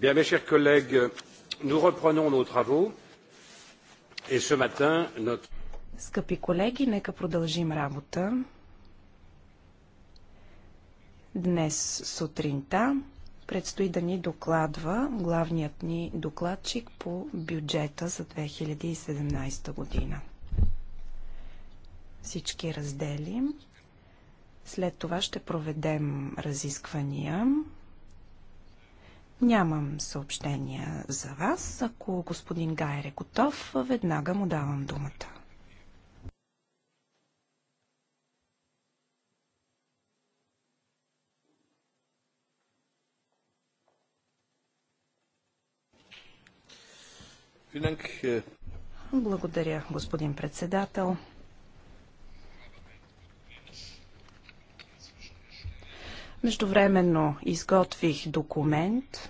mes chers collègues, nous reprenons nos travaux et ce matin, notre... Скъпи колеги, нека продължим работа. Днес сутринта предстои да ни докладва главният ни докладчик по бюджета за 2017 година. Всички раздели. След това ще проведем разисквания Нямам съобщения за вас. Ако господин Гайер е готов, веднага му давам думата. Äh. Благодаря, господин председател. Междувременно изготвих документ,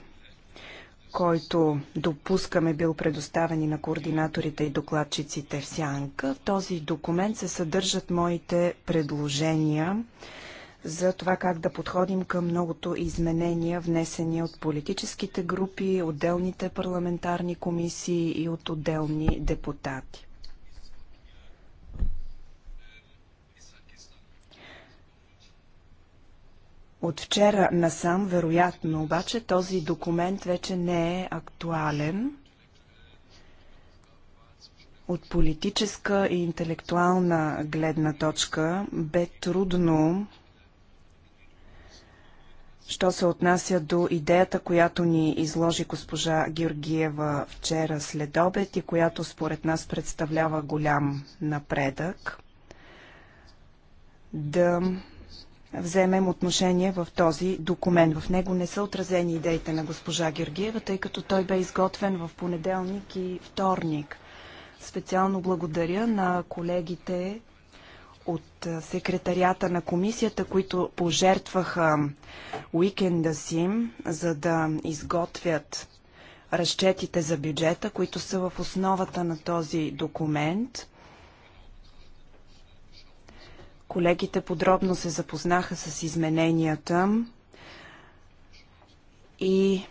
който допускаме бил предоставен и на координаторите и докладчиците в Сянка. В този документ се съдържат моите предложения за това как да подходим към многото изменения, внесени от политическите групи, отделните парламентарни комисии и от отделни депутати. От вчера насам, вероятно обаче, този документ вече не е актуален. От политическа и интелектуална гледна точка бе трудно, що се отнася до идеята, която ни изложи госпожа Георгиева вчера след обед и която според нас представлява голям напредък, да вземем отношение в този документ. В него не са отразени идеите на госпожа Георгиева, тъй като той бе изготвен в понеделник и вторник. Специално благодаря на колегите от секретарията на комисията, които пожертваха уикенда си, за да изготвят разчетите за бюджета, които са в основата на този документ. Колегите подробно се запознаха с измененията и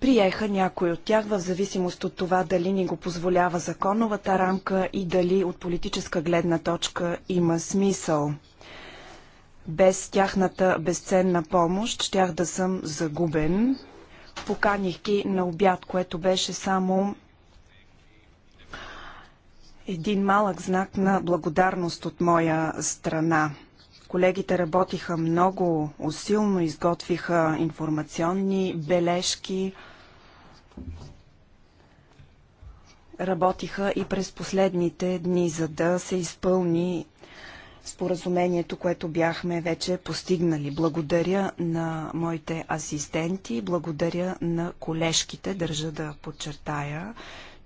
приеха някой от тях в зависимост от това дали ни го позволява законовата рамка и дали от политическа гледна точка има смисъл. Без тяхната безценна помощ щях да съм загубен. Поканих ги на обяд, което беше само един малък знак на благодарност от моя страна. Колегите работиха много усилно, изготвиха информационни бележки, работиха и през последните дни, за да се изпълни споразумението, което бяхме вече постигнали. Благодаря на моите асистенти, благодаря на колежките, държа да подчертая,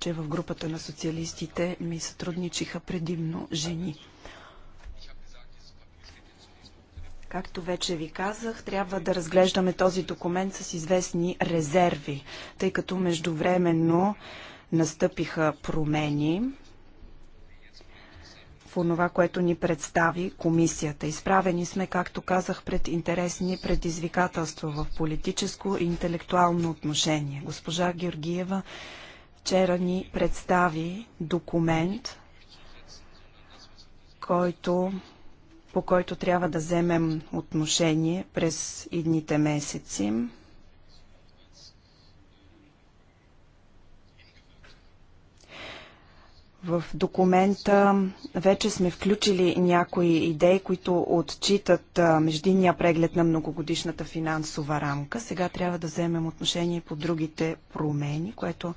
че в групата на социалистите ми сътрудничиха предимно жени. Както вече ви казах, трябва да разглеждаме този документ с известни резерви, тъй като междувременно настъпиха промени в онова, което ни представи комисията. Изправени сме, както казах, пред интересни предизвикателства в политическо и интелектуално отношение. Госпожа Георгиева вчера ни представи документ, който, по който трябва да вземем отношение през идните месеци. В документа вече сме включили някои идеи, които отчитат междинния преглед на многогодишната финансова рамка. Сега трябва да вземем отношение по другите промени, което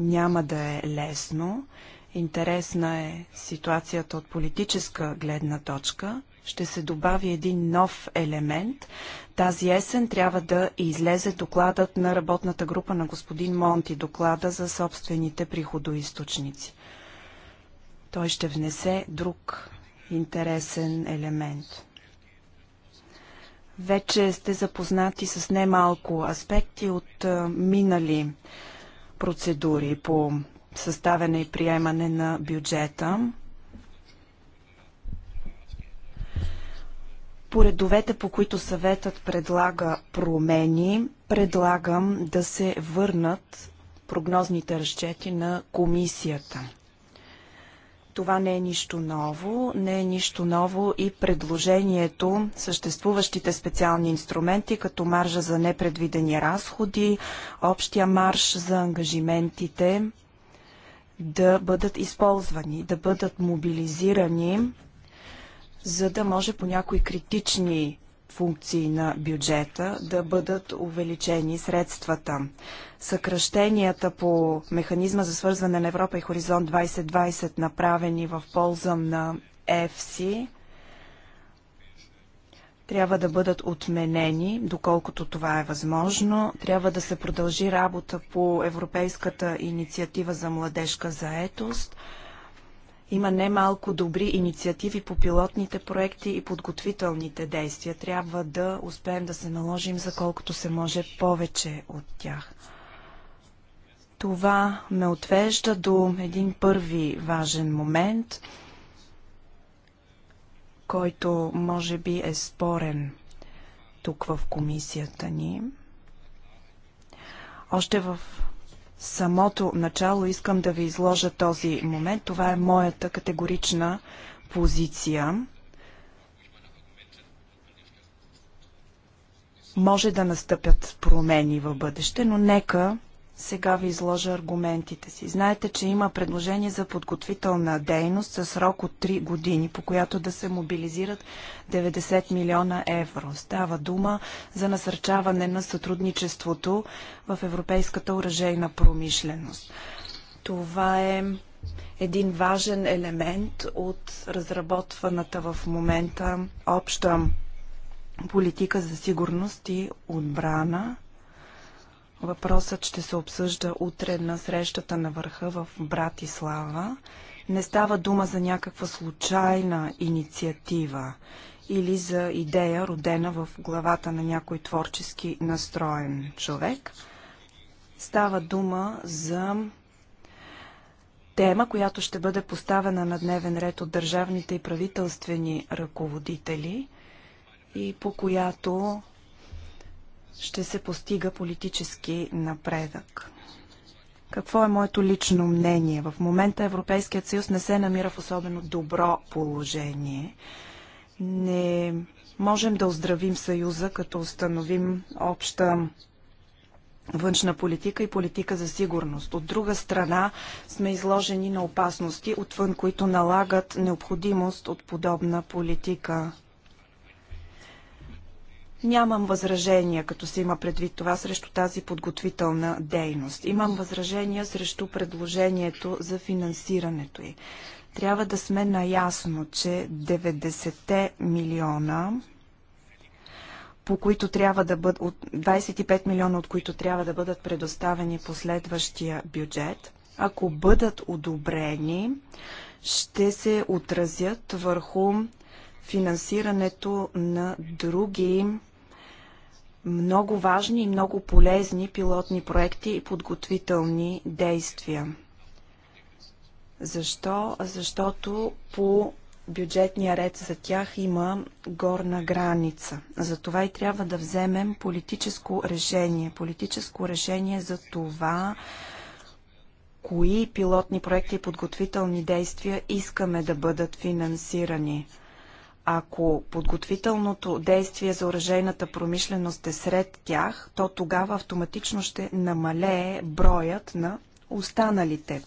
няма да е лесно. Интересна е ситуацията от политическа гледна точка. Ще се добави един нов елемент. Тази есен трябва да излезе докладът на работната група на господин Монти, доклада за собствените приходоисточници. Той ще внесе друг интересен елемент. Вече сте запознати с немалко аспекти от минали процедури по съставяне и приемане на бюджета. По редовете, по които съветът предлага промени, предлагам да се върнат прогнозните разчети на комисията. Това не е нищо ново. Не е нищо ново и предложението съществуващите специални инструменти, като маржа за непредвидени разходи, общия марш за ангажиментите, да бъдат използвани, да бъдат мобилизирани, за да може по някои критични функции на бюджета да бъдат увеличени средствата. Съкръщенията по механизма за свързване на Европа и Хоризонт 2020, направени в полза на ЕФСИ, трябва да бъдат отменени, доколкото това е възможно. Трябва да се продължи работа по Европейската инициатива за младежка заетост. Има немалко добри инициативи по пилотните проекти и подготвителните действия. Трябва да успеем да се наложим за колкото се може повече от тях. Това ме отвежда до един първи важен момент, който може би е спорен тук в комисията ни. Още в самото начало искам да ви изложа този момент. Това е моята категорична позиция. Може да настъпят промени в бъдеще, но нека сега ви изложа аргументите си. Знаете, че има предложение за подготвителна дейност със срок от 3 години, по която да се мобилизират 90 милиона евро. Става дума за насърчаване на сътрудничеството в европейската уражейна промишленост. Това е един важен елемент от разработваната в момента обща политика за сигурност и отбрана – Въпросът ще се обсъжда утре на срещата на върха в Братислава. Не става дума за някаква случайна инициатива или за идея, родена в главата на някой творчески настроен човек. Става дума за тема, която ще бъде поставена на дневен ред от държавните и правителствени ръководители и по която ще се постига политически напредък. Какво е моето лично мнение? В момента Европейският съюз не се намира в особено добро положение. Не можем да оздравим съюза, като установим обща външна политика и политика за сигурност. От друга страна сме изложени на опасности, отвън които налагат необходимост от подобна политика Нямам възражения, като се има предвид това срещу тази подготвителна дейност. Имам възражения срещу предложението за финансирането й. Трябва да сме наясно, че 90 милиона по които трябва да бъд, от 25 милиона, от които трябва да бъдат предоставени последващия бюджет, ако бъдат одобрени, ще се отразят върху финансирането на други много важни и много полезни пилотни проекти и подготвителни действия. Защо? Защото по бюджетния ред за тях има горна граница. Затова и трябва да вземем политическо решение. Политическо решение за това, кои пилотни проекти и подготвителни действия искаме да бъдат финансирани – ако подготвителното действие за оръжейната промишленост е сред тях, то тогава автоматично ще намалее броят на останалите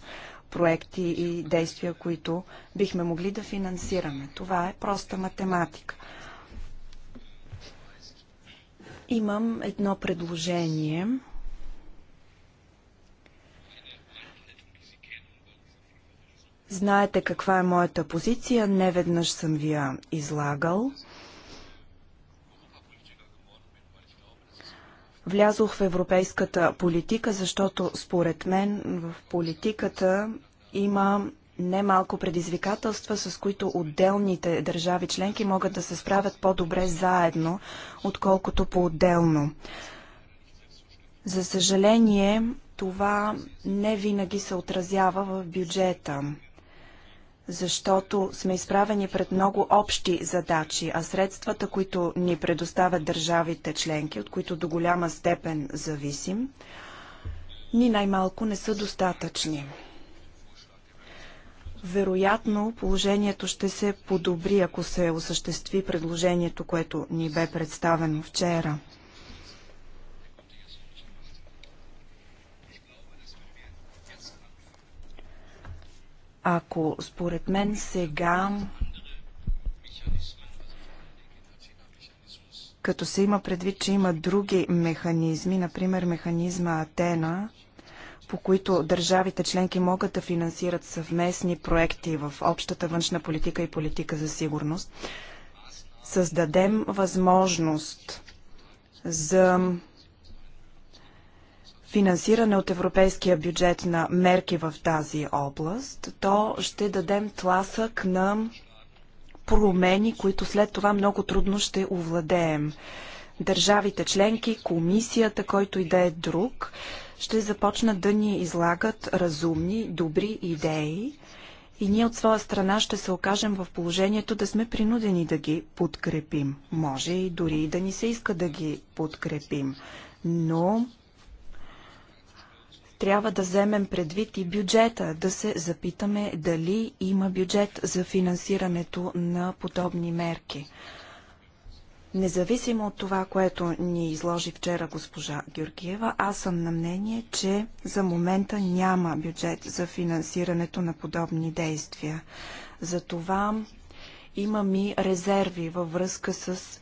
проекти и действия, които бихме могли да финансираме. Това е проста математика. Имам едно предложение. Знаете каква е моята позиция, не веднъж съм ви я излагал. Влязох в европейската политика, защото според мен в политиката има немалко предизвикателства, с които отделните държави членки могат да се справят по-добре заедно, отколкото по-отделно. За съжаление, това не винаги се отразява в бюджета защото сме изправени пред много общи задачи, а средствата, които ни предоставят държавите членки, от които до голяма степен зависим, ни най-малко не са достатъчни. Вероятно положението ще се подобри, ако се осъществи предложението, което ни бе представено вчера. Ако според мен сега като се има предвид, че има други механизми, например механизма Атена, по които държавите членки могат да финансират съвместни проекти в общата външна политика и политика за сигурност, създадем възможност за финансиране от европейския бюджет на мерки в тази област, то ще дадем тласък на промени, които след това много трудно ще овладеем. Държавите членки, комисията, който и да е друг, ще започнат да ни излагат разумни, добри идеи и ние от своя страна ще се окажем в положението да сме принудени да ги подкрепим. Може и дори и да ни се иска да ги подкрепим. Но трябва да вземем предвид и бюджета, да се запитаме дали има бюджет за финансирането на подобни мерки. Независимо от това, което ни изложи вчера госпожа Георгиева, аз съм на мнение, че за момента няма бюджет за финансирането на подобни действия. Затова имам и резерви във връзка с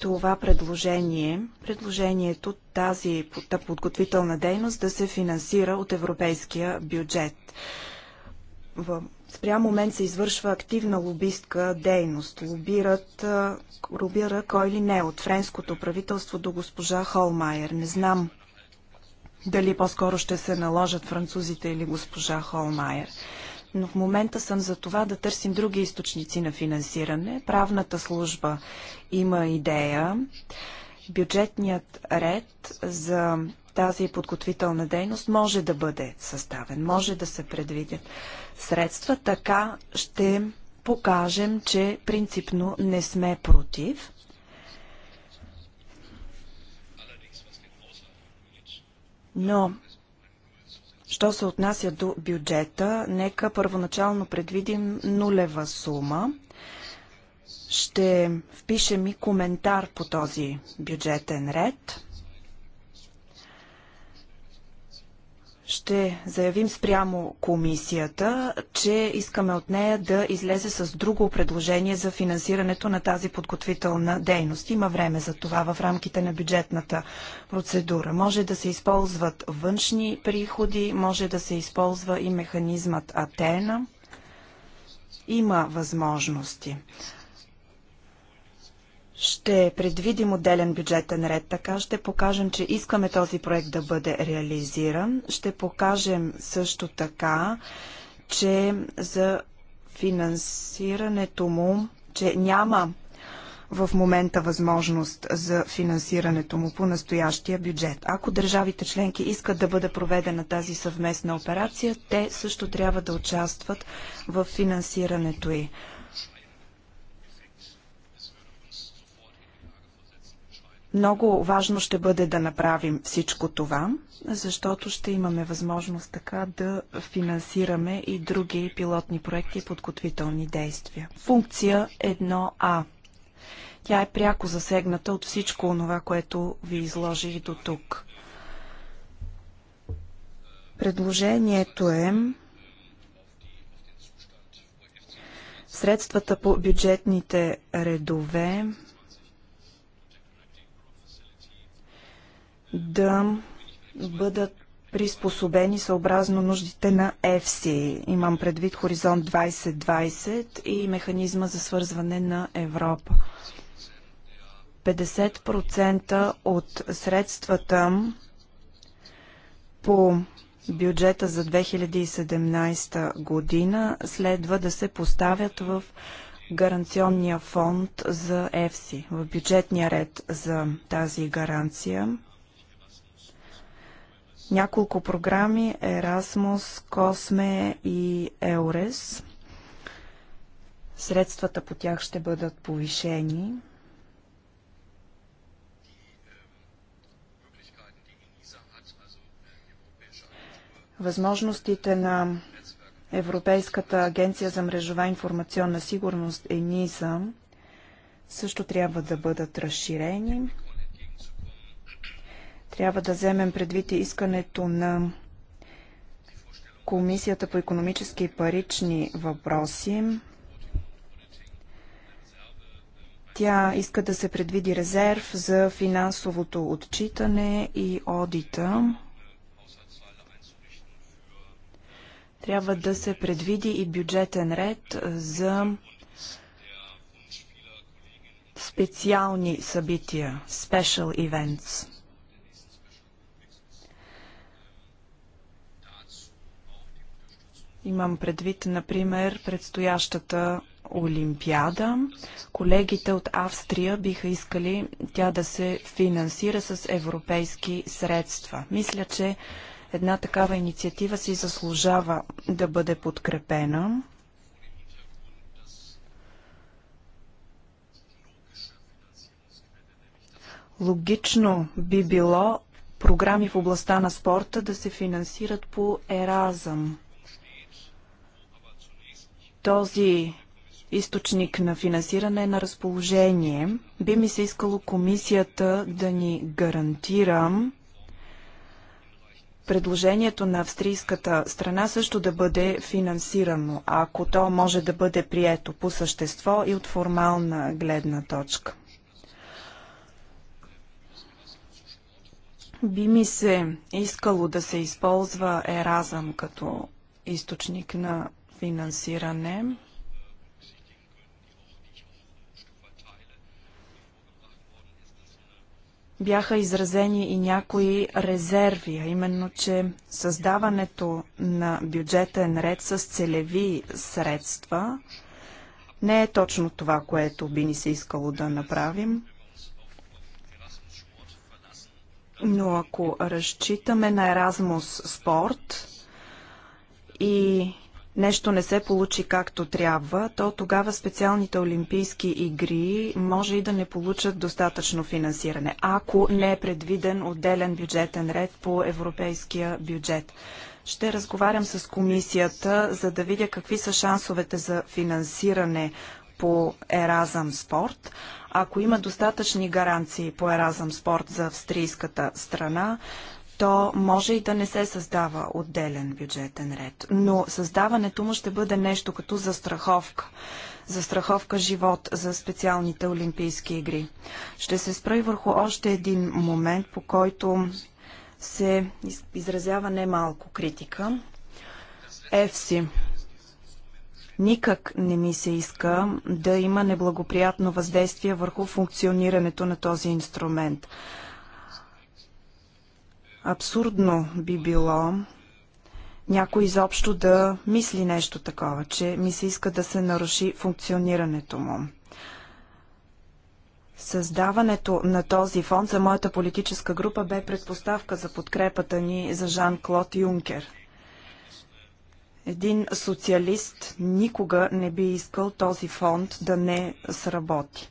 това предложение, предложението тази подготвителна дейност да се финансира от европейския бюджет. В спрям момент се извършва активна лобистка дейност. Лобират, лобира кой ли не, от френското правителство до госпожа Холмайер. Не знам дали по-скоро ще се наложат французите или госпожа Холмайер но в момента съм за това да търсим други източници на финансиране. Правната служба има идея. Бюджетният ред за тази подготвителна дейност може да бъде съставен, може да се предвидят средства. Така ще покажем, че принципно не сме против. Но Що се отнася до бюджета, нека първоначално предвидим нулева сума. Ще впишем и коментар по този бюджетен ред. ще заявим спрямо комисията, че искаме от нея да излезе с друго предложение за финансирането на тази подготвителна дейност. Има време за това в рамките на бюджетната процедура. Може да се използват външни приходи, може да се използва и механизмат Атена. Има възможности. Ще предвидим отделен бюджетен ред, така ще покажем, че искаме този проект да бъде реализиран. Ще покажем също така, че за финансирането му, че няма в момента възможност за финансирането му по настоящия бюджет. Ако държавите членки искат да бъде проведена тази съвместна операция, те също трябва да участват в финансирането й. Много важно ще бъде да направим всичко това, защото ще имаме възможност така да финансираме и други пилотни проекти и подготвителни действия. Функция 1А. Тя е пряко засегната от всичко това, което ви изложих до тук. Предложението е средствата по бюджетните редове да бъдат приспособени съобразно нуждите на ЕФСИ. Имам предвид Хоризонт 2020 и механизма за свързване на Европа. 50% от средствата по бюджета за 2017 година следва да се поставят в гаранционния фонд за ЕФСИ, в бюджетния ред за тази гаранция няколко програми Erasmus, Косме и EURES. Средствата по тях ще бъдат повишени. Възможностите на Европейската агенция за мрежова информационна сигурност ЕНИСА също трябва да бъдат разширени. Трябва да вземем предвид и искането на Комисията по економически и парични въпроси. Тя иска да се предвиди резерв за финансовото отчитане и одита. Трябва да се предвиди и бюджетен ред за специални събития, special events. Имам предвид, например, предстоящата Олимпиада. Колегите от Австрия биха искали тя да се финансира с европейски средства. Мисля, че една такава инициатива си заслужава да бъде подкрепена. Логично би било програми в областта на спорта да се финансират по еразъм. Този източник на финансиране е на разположение. Би ми се искало комисията да ни гарантира предложението на австрийската страна също да бъде финансирано, ако то може да бъде прието по същество и от формална гледна точка. Би ми се искало да се използва Еразъм като източник на финансиране. Бяха изразени и някои резерви, а именно, че създаването на бюджетен ред с целеви средства не е точно това, което би ни се искало да направим. Но ако разчитаме на Еразмус спорт и нещо не се получи както трябва, то тогава специалните олимпийски игри може и да не получат достатъчно финансиране, ако не е предвиден отделен бюджетен ред по европейския бюджет. Ще разговарям с комисията, за да видя какви са шансовете за финансиране по Еразъм Спорт. Ако има достатъчни гаранции по Еразъм Спорт за австрийската страна, то може и да не се създава отделен бюджетен ред. Но създаването му ще бъде нещо като застраховка. Застраховка живот за специалните Олимпийски игри. Ще се спра и върху още един момент, по който се изразява немалко критика. ЕФСИ. Никак не ми се иска да има неблагоприятно въздействие върху функционирането на този инструмент. Абсурдно би било някой изобщо да мисли нещо такова, че ми се иска да се наруши функционирането му. Създаването на този фонд за моята политическа група бе предпоставка за подкрепата ни за Жан-Клод Юнкер. Един социалист никога не би искал този фонд да не сработи.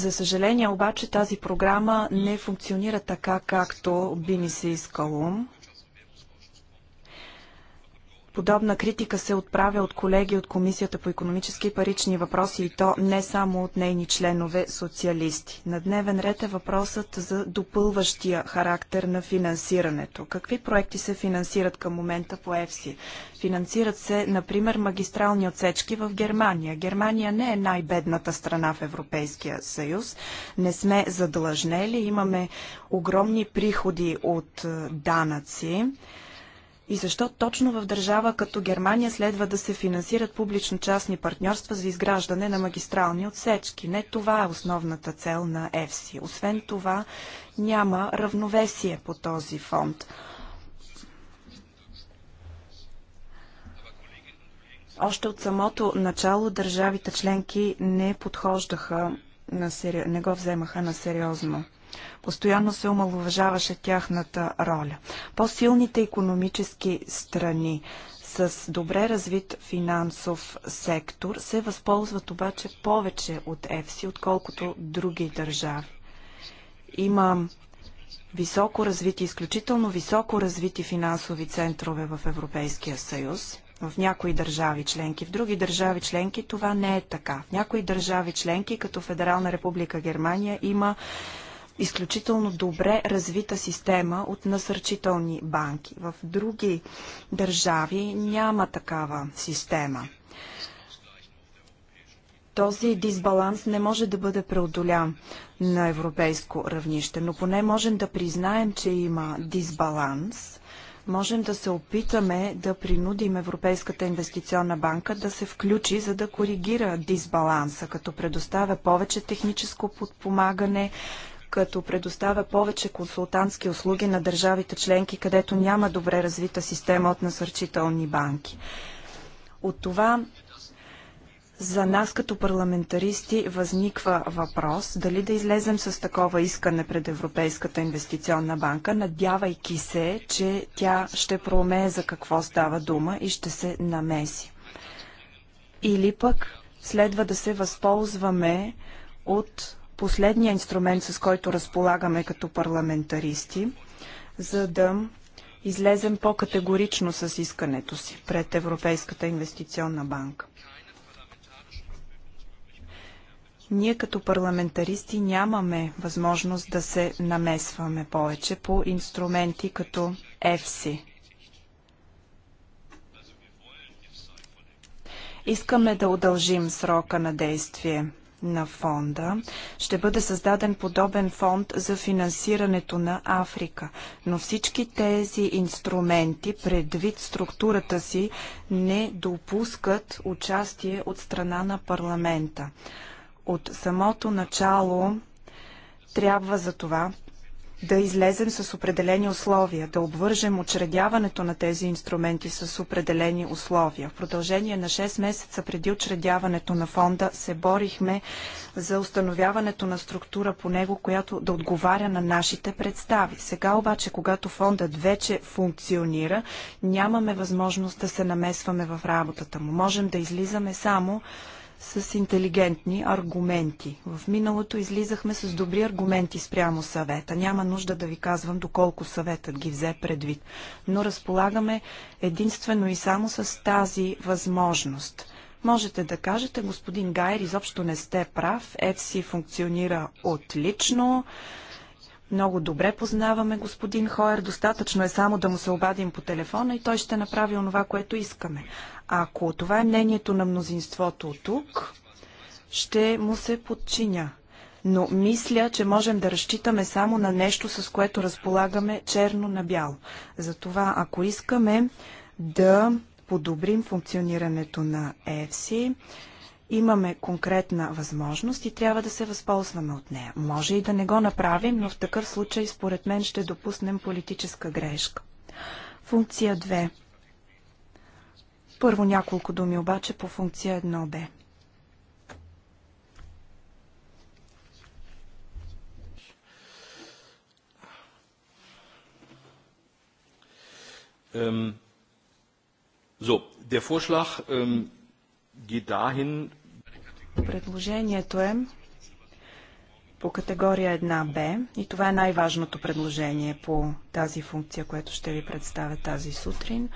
За съжаление обаче тази програма не функционира така, както би ни се искало. Подобна критика се отправя от колеги от Комисията по економически и парични въпроси и то не само от нейни членове социалисти. На дневен ред е въпросът за допълващия характер на финансирането. Какви проекти се финансират към момента по ЕФСИ? Финансират се, например, магистрални отсечки в Германия. Германия не е най-бедната страна в Европейския съюз. Не сме задлъжнели, имаме огромни приходи от е, данъци. И защо точно в държава като Германия следва да се финансират публично-частни партньорства за изграждане на магистрални отсечки? Не това е основната цел на ЕФСИ. Освен това, няма равновесие по този фонд. Още от самото начало държавите членки не подхождаха, на сери... не го вземаха на сериозно. Постоянно се омалуважаваше тяхната роля. По-силните економически страни с добре развит финансов сектор се възползват обаче повече от ЕФСИ, отколкото други държави. Има високо развити, изключително високо развити финансови центрове в Европейския съюз. В някои държави членки, в други държави членки това не е така. В някои държави членки, като Федерална република Германия, има изключително добре развита система от насърчителни банки. В други държави няма такава система. Този дисбаланс не може да бъде преодолян на европейско равнище, но поне можем да признаем, че има дисбаланс. Можем да се опитаме да принудим Европейската инвестиционна банка да се включи, за да коригира дисбаланса, като предоставя повече техническо подпомагане, като предоставя повече консултантски услуги на държавите членки, където няма добре развита система от насърчителни банки. От това за нас като парламентаристи възниква въпрос дали да излезем с такова искане пред Европейската инвестиционна банка, надявайки се, че тя ще проумее за какво става дума и ще се намеси. Или пък следва да се възползваме от последния инструмент, с който разполагаме като парламентаристи, за да излезем по-категорично с искането си пред Европейската инвестиционна банка. Ние като парламентаристи нямаме възможност да се намесваме повече по инструменти като ЕФСИ. Искаме да удължим срока на действие на фонда. Ще бъде създаден подобен фонд за финансирането на Африка. Но всички тези инструменти, предвид структурата си, не допускат участие от страна на парламента. От самото начало трябва за това да излезем с определени условия, да обвържем учредяването на тези инструменти с определени условия. В продължение на 6 месеца преди учредяването на фонда се борихме за установяването на структура по него, която да отговаря на нашите представи. Сега обаче, когато фондът вече функционира, нямаме възможност да се намесваме в работата му. Можем да излизаме само с интелигентни аргументи. В миналото излизахме с добри аргументи спрямо съвета. Няма нужда да ви казвам доколко съветът ги взе предвид. Но разполагаме единствено и само с тази възможност. Можете да кажете, господин Гайер, изобщо не сте прав, ЕФСИ функционира отлично, много добре познаваме господин Хоер. Достатъчно е само да му се обадим по телефона и той ще направи онова, което искаме. Ако това е мнението на мнозинството тук, ще му се подчиня. Но мисля, че можем да разчитаме само на нещо, с което разполагаме черно на бяло. Затова, ако искаме да подобрим функционирането на EFSI, е Имаме конкретна възможност и трябва да се възползваме от нея. Може и да не го направим, но в такъв случай според мен ще допуснем политическа грешка. Функция 2. Първо няколко думи обаче по функция 1b. so, der Vorschlag ähm, geht dahin, Предложението е по категория 1Б и това е най-важното предложение по тази функция, което ще ви представя тази сутрин.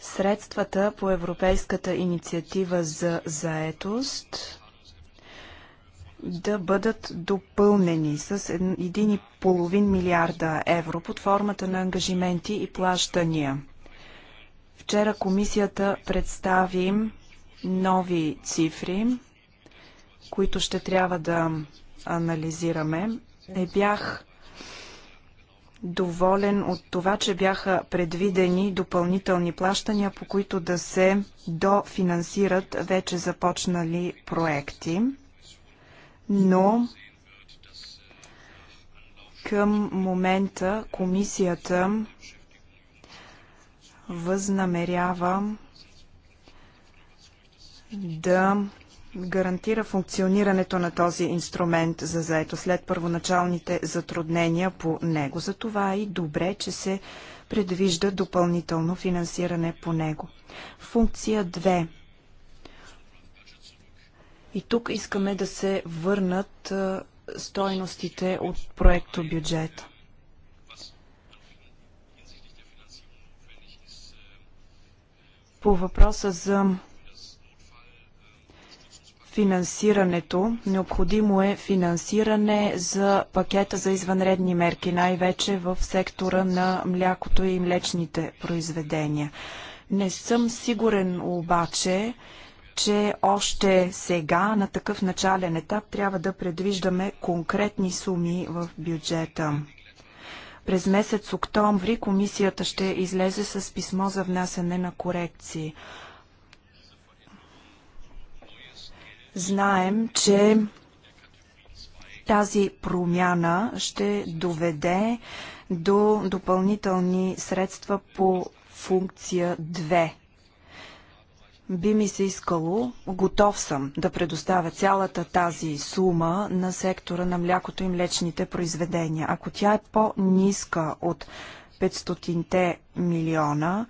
Средствата по Европейската инициатива за заетост да бъдат допълнени с 1,5 милиарда евро под формата на ангажименти и плащания – Вчера комисията представи нови цифри, които ще трябва да анализираме. Не бях доволен от това, че бяха предвидени допълнителни плащания, по които да се дофинансират вече започнали проекти. Но към момента комисията възнамерява да гарантира функционирането на този инструмент за заето след първоначалните затруднения по него. Затова това е и добре, че се предвижда допълнително финансиране по него. Функция 2. И тук искаме да се върнат стойностите от проекто бюджета. По въпроса за финансирането. Необходимо е финансиране за пакета за извънредни мерки, най-вече в сектора на млякото и млечните произведения. Не съм сигурен обаче, че още сега, на такъв начален етап, трябва да предвиждаме конкретни суми в бюджета. През месец октомври комисията ще излезе с писмо за внасяне на корекции. Знаем, че тази промяна ще доведе до допълнителни средства по функция 2 би ми се искало, готов съм да предоставя цялата тази сума на сектора на млякото и млечните произведения. Ако тя е по-ниска от 500-те милиона,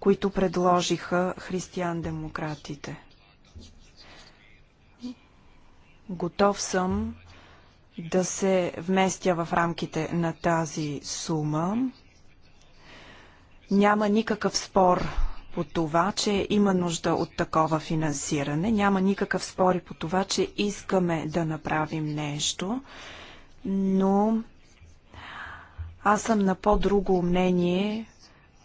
които предложиха християн-демократите. Готов съм да се вместя в рамките на тази сума. Няма никакъв спор по това, че има нужда от такова финансиране. Няма никакъв спор и по това, че искаме да направим нещо, но аз съм на по-друго мнение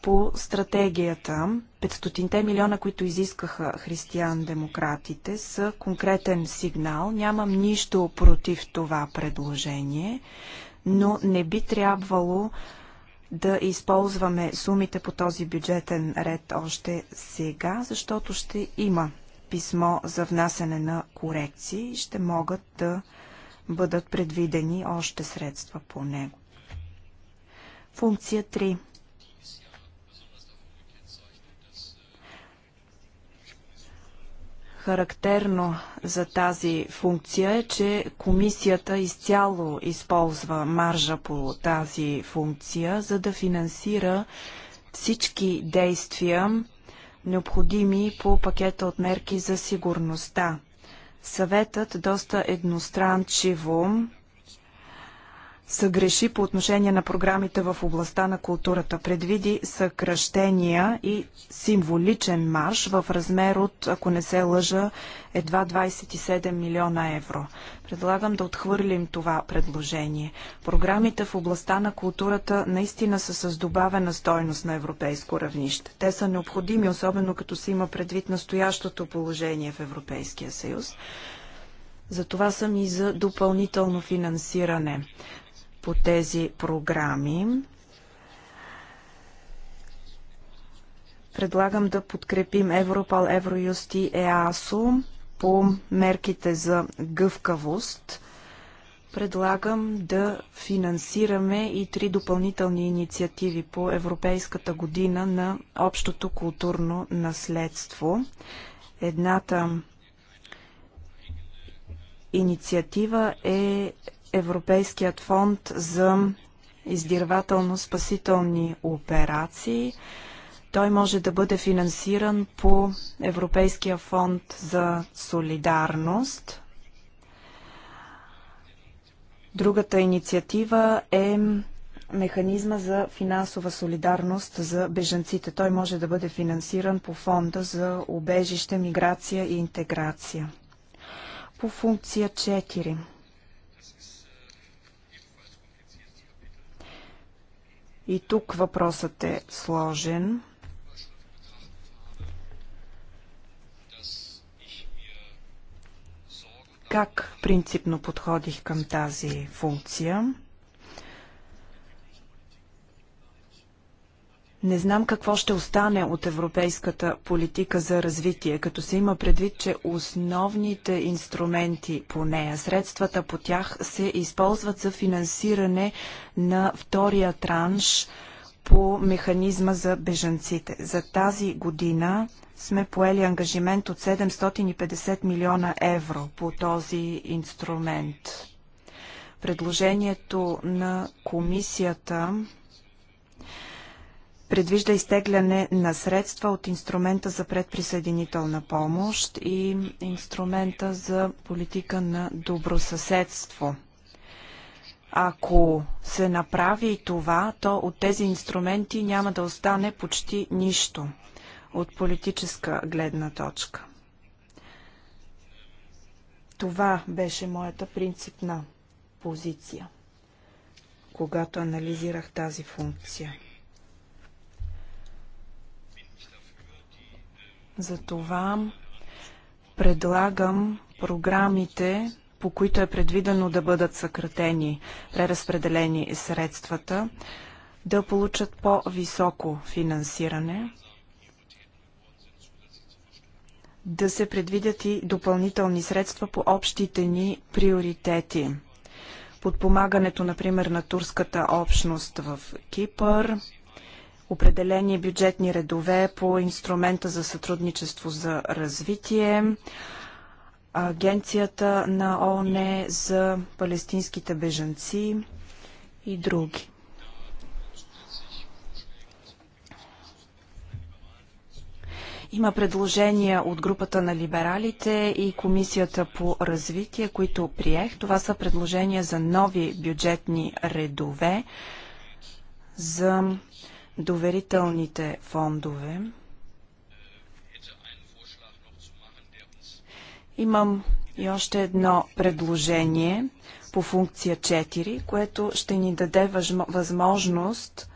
по стратегията. 500-те милиона, които изискаха християн-демократите, са конкретен сигнал. Нямам нищо против това предложение, но не би трябвало да използваме сумите по този бюджетен ред още сега, защото ще има писмо за внасене на корекции и ще могат да бъдат предвидени още средства по него. Функция 3 Характерно за тази функция е, че комисията изцяло използва маржа по тази функция, за да финансира всички действия, необходими по пакета от мерки за сигурността. Съветът доста едностранчиво съгреши по отношение на програмите в областта на културата. Предвиди съкръщения и символичен марш в размер от, ако не се лъжа, едва 27 милиона евро. Предлагам да отхвърлим това предложение. Програмите в областта на културата наистина са с добавена стойност на европейско равнище. Те са необходими, особено като се има предвид настоящото положение в Европейския съюз. Затова съм и за допълнително финансиране по тези програми. Предлагам да подкрепим Европал, Евроюст и ЕАСО по мерките за гъвкавост. Предлагам да финансираме и три допълнителни инициативи по Европейската година на общото културно наследство. Едната инициатива е Европейският фонд за издирвателно-спасителни операции. Той може да бъде финансиран по Европейския фонд за солидарност. Другата инициатива е механизма за финансова солидарност за бежанците. Той може да бъде финансиран по фонда за обежище, миграция и интеграция. По функция 4 И тук въпросът е сложен. Как принципно подходих към тази функция? Не знам какво ще остане от европейската политика за развитие, като се има предвид, че основните инструменти по нея, средствата по тях се използват за финансиране на втория транш по механизма за бежанците. За тази година сме поели ангажимент от 750 милиона евро по този инструмент. Предложението на комисията предвижда изтегляне на средства от инструмента за предприсъединителна помощ и инструмента за политика на добросъседство. Ако се направи и това, то от тези инструменти няма да остане почти нищо от политическа гледна точка. Това беше моята принципна позиция, когато анализирах тази функция. Затова предлагам програмите, по които е предвидено да бъдат съкратени, преразпределени средствата, да получат по-високо финансиране, да се предвидят и допълнителни средства по общите ни приоритети. Подпомагането, например, на турската общност в Кипър – определени бюджетни редове по инструмента за сътрудничество за развитие, Агенцията на ООН е за палестинските бежанци и други. Има предложения от групата на либералите и Комисията по развитие, които приех. Това са предложения за нови бюджетни редове за доверителните фондове. Имам и още едно предложение по функция 4, което ще ни даде възможност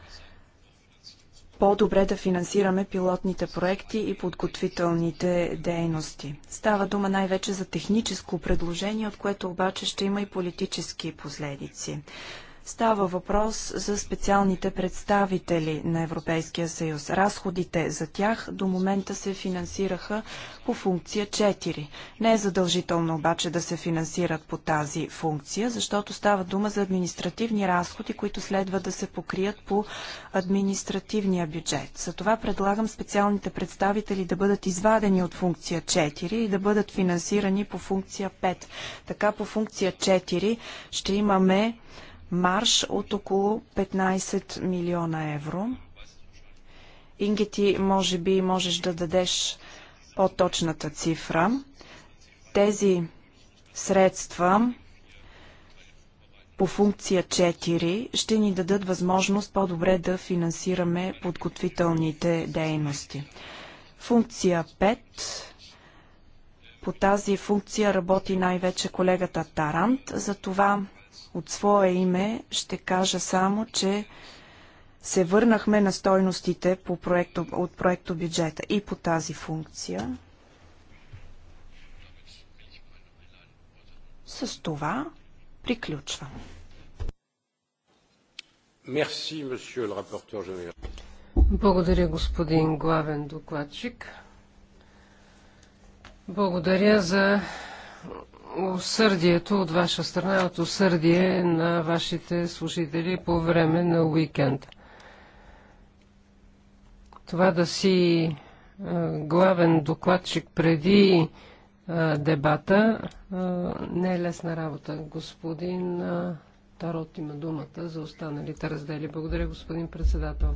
по-добре да финансираме пилотните проекти и подготвителните дейности. Става дума най-вече за техническо предложение, от което обаче ще има и политически последици. Става въпрос за специалните представители на Европейския съюз. Разходите за тях до момента се финансираха по функция 4. Не е задължително обаче да се финансират по тази функция, защото става дума за административни разходи, които следва да се покрият по административния бюджет. За това предлагам специалните представители да бъдат извадени от функция 4 и да бъдат финансирани по функция 5. Така по функция 4 ще имаме марш от около 15 милиона евро. Инги, ти може би можеш да дадеш по-точната цифра. Тези средства по функция 4 ще ни дадат възможност по-добре да финансираме подготвителните дейности. Функция 5 по тази функция работи най-вече колегата Тарант. Затова от свое име ще кажа само, че се върнахме на стойностите по проекто, от проекто бюджета и по тази функция. С това приключвам. Merci, Благодаря, господин главен докладчик. Благодаря за усърдието от ваша страна, от усърдие на вашите служители по време на уикенд. Това да си главен докладчик преди дебата не е лесна работа. Господин Тарот има думата за останалите раздели. Благодаря, господин председател.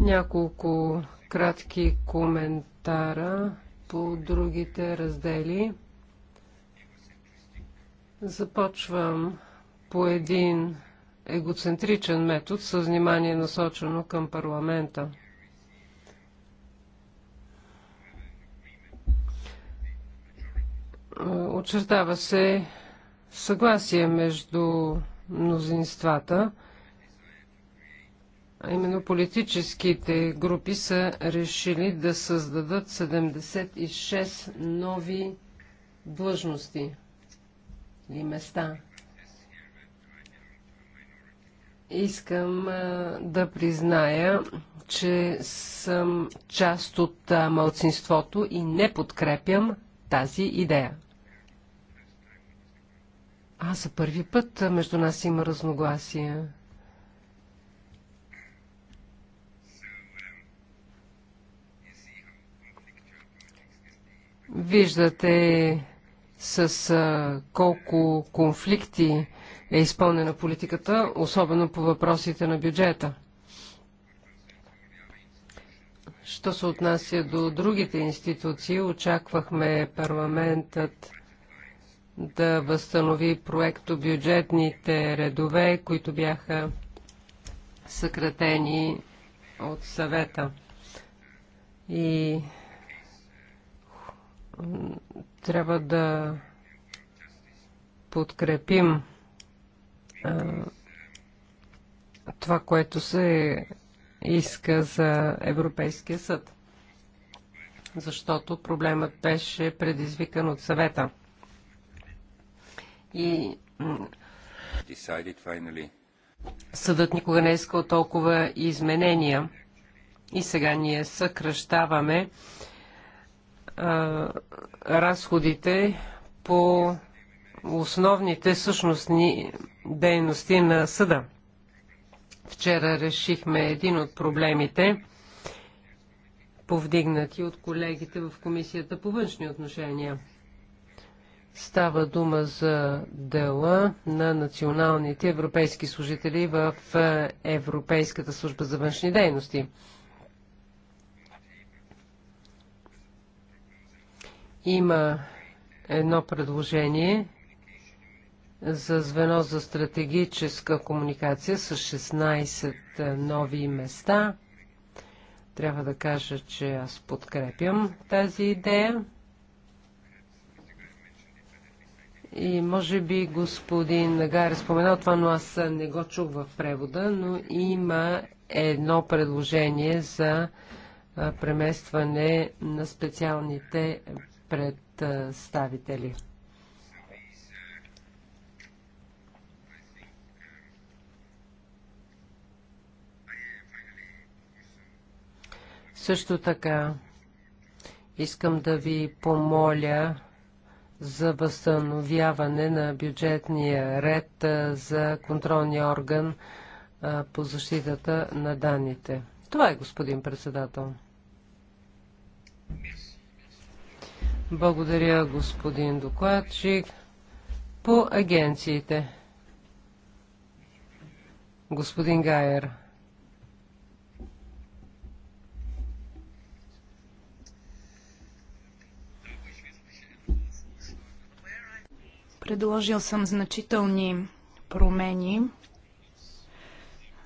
Няколко кратки коментара по другите раздели. Започвам по един егоцентричен метод с внимание насочено към парламента. Очертава се съгласие между мнозинствата – а именно политическите групи са решили да създадат 76 нови длъжности или места. Искам да призная, че съм част от мълцинството и не подкрепям тази идея. А за първи път между нас има разногласия. Виждате с а, колко конфликти е изпълнена политиката, особено по въпросите на бюджета. Що се отнася до другите институции, очаквахме парламентът да възстанови проекто бюджетните редове, които бяха съкратени от съвета. И трябва да подкрепим а, това, което се иска за Европейския съд. Защото проблемът беше предизвикан от съвета. И съдът никога не е искал толкова изменения. И сега ние съкръщаваме разходите по основните същностни дейности на съда. Вчера решихме един от проблемите, повдигнати от колегите в Комисията по външни отношения. Става дума за дела на националните европейски служители в Европейската служба за външни дейности. Има едно предложение за звено за стратегическа комуникация с 16 нови места. Трябва да кажа, че аз подкрепям тази идея. И може би господин Гар е споменал това, но аз не го чух в превода, но има едно предложение за преместване на специалните представители. Също така искам да ви помоля за възстановяване на бюджетния ред за контролния орган по защитата на данните. Това е, господин председател. Благодаря, господин докладчик. По агенциите. Господин Гайер. Предложил съм значителни промени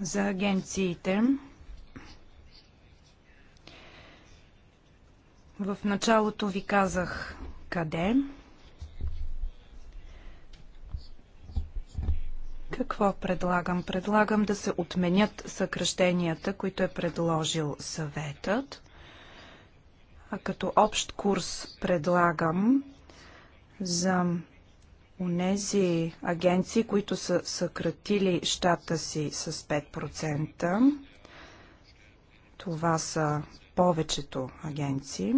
за агенциите. В началото ви казах къде. Какво предлагам? Предлагам да се отменят съкръщенията, които е предложил съветът. А като общ курс предлагам за унези агенции, които са съкратили щата си с 5%. Това са повечето агенции.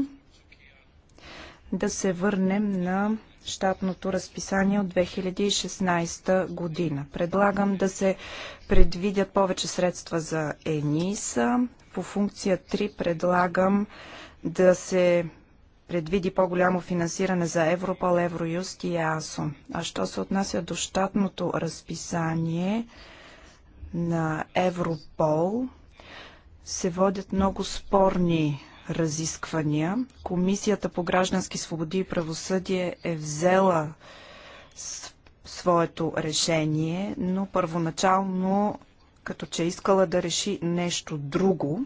Да се върнем на щатното разписание от 2016 година. Предлагам да се предвидят повече средства за ЕНИСА. По функция 3 предлагам да се предвиди по-голямо финансиране за Европол, Евроюст и ЕАСО. А що се отнася до щатното разписание на Европол, се водят много спорни разисквания. Комисията по граждански свободи и правосъдие е взела своето решение, но първоначално като че искала да реши нещо друго.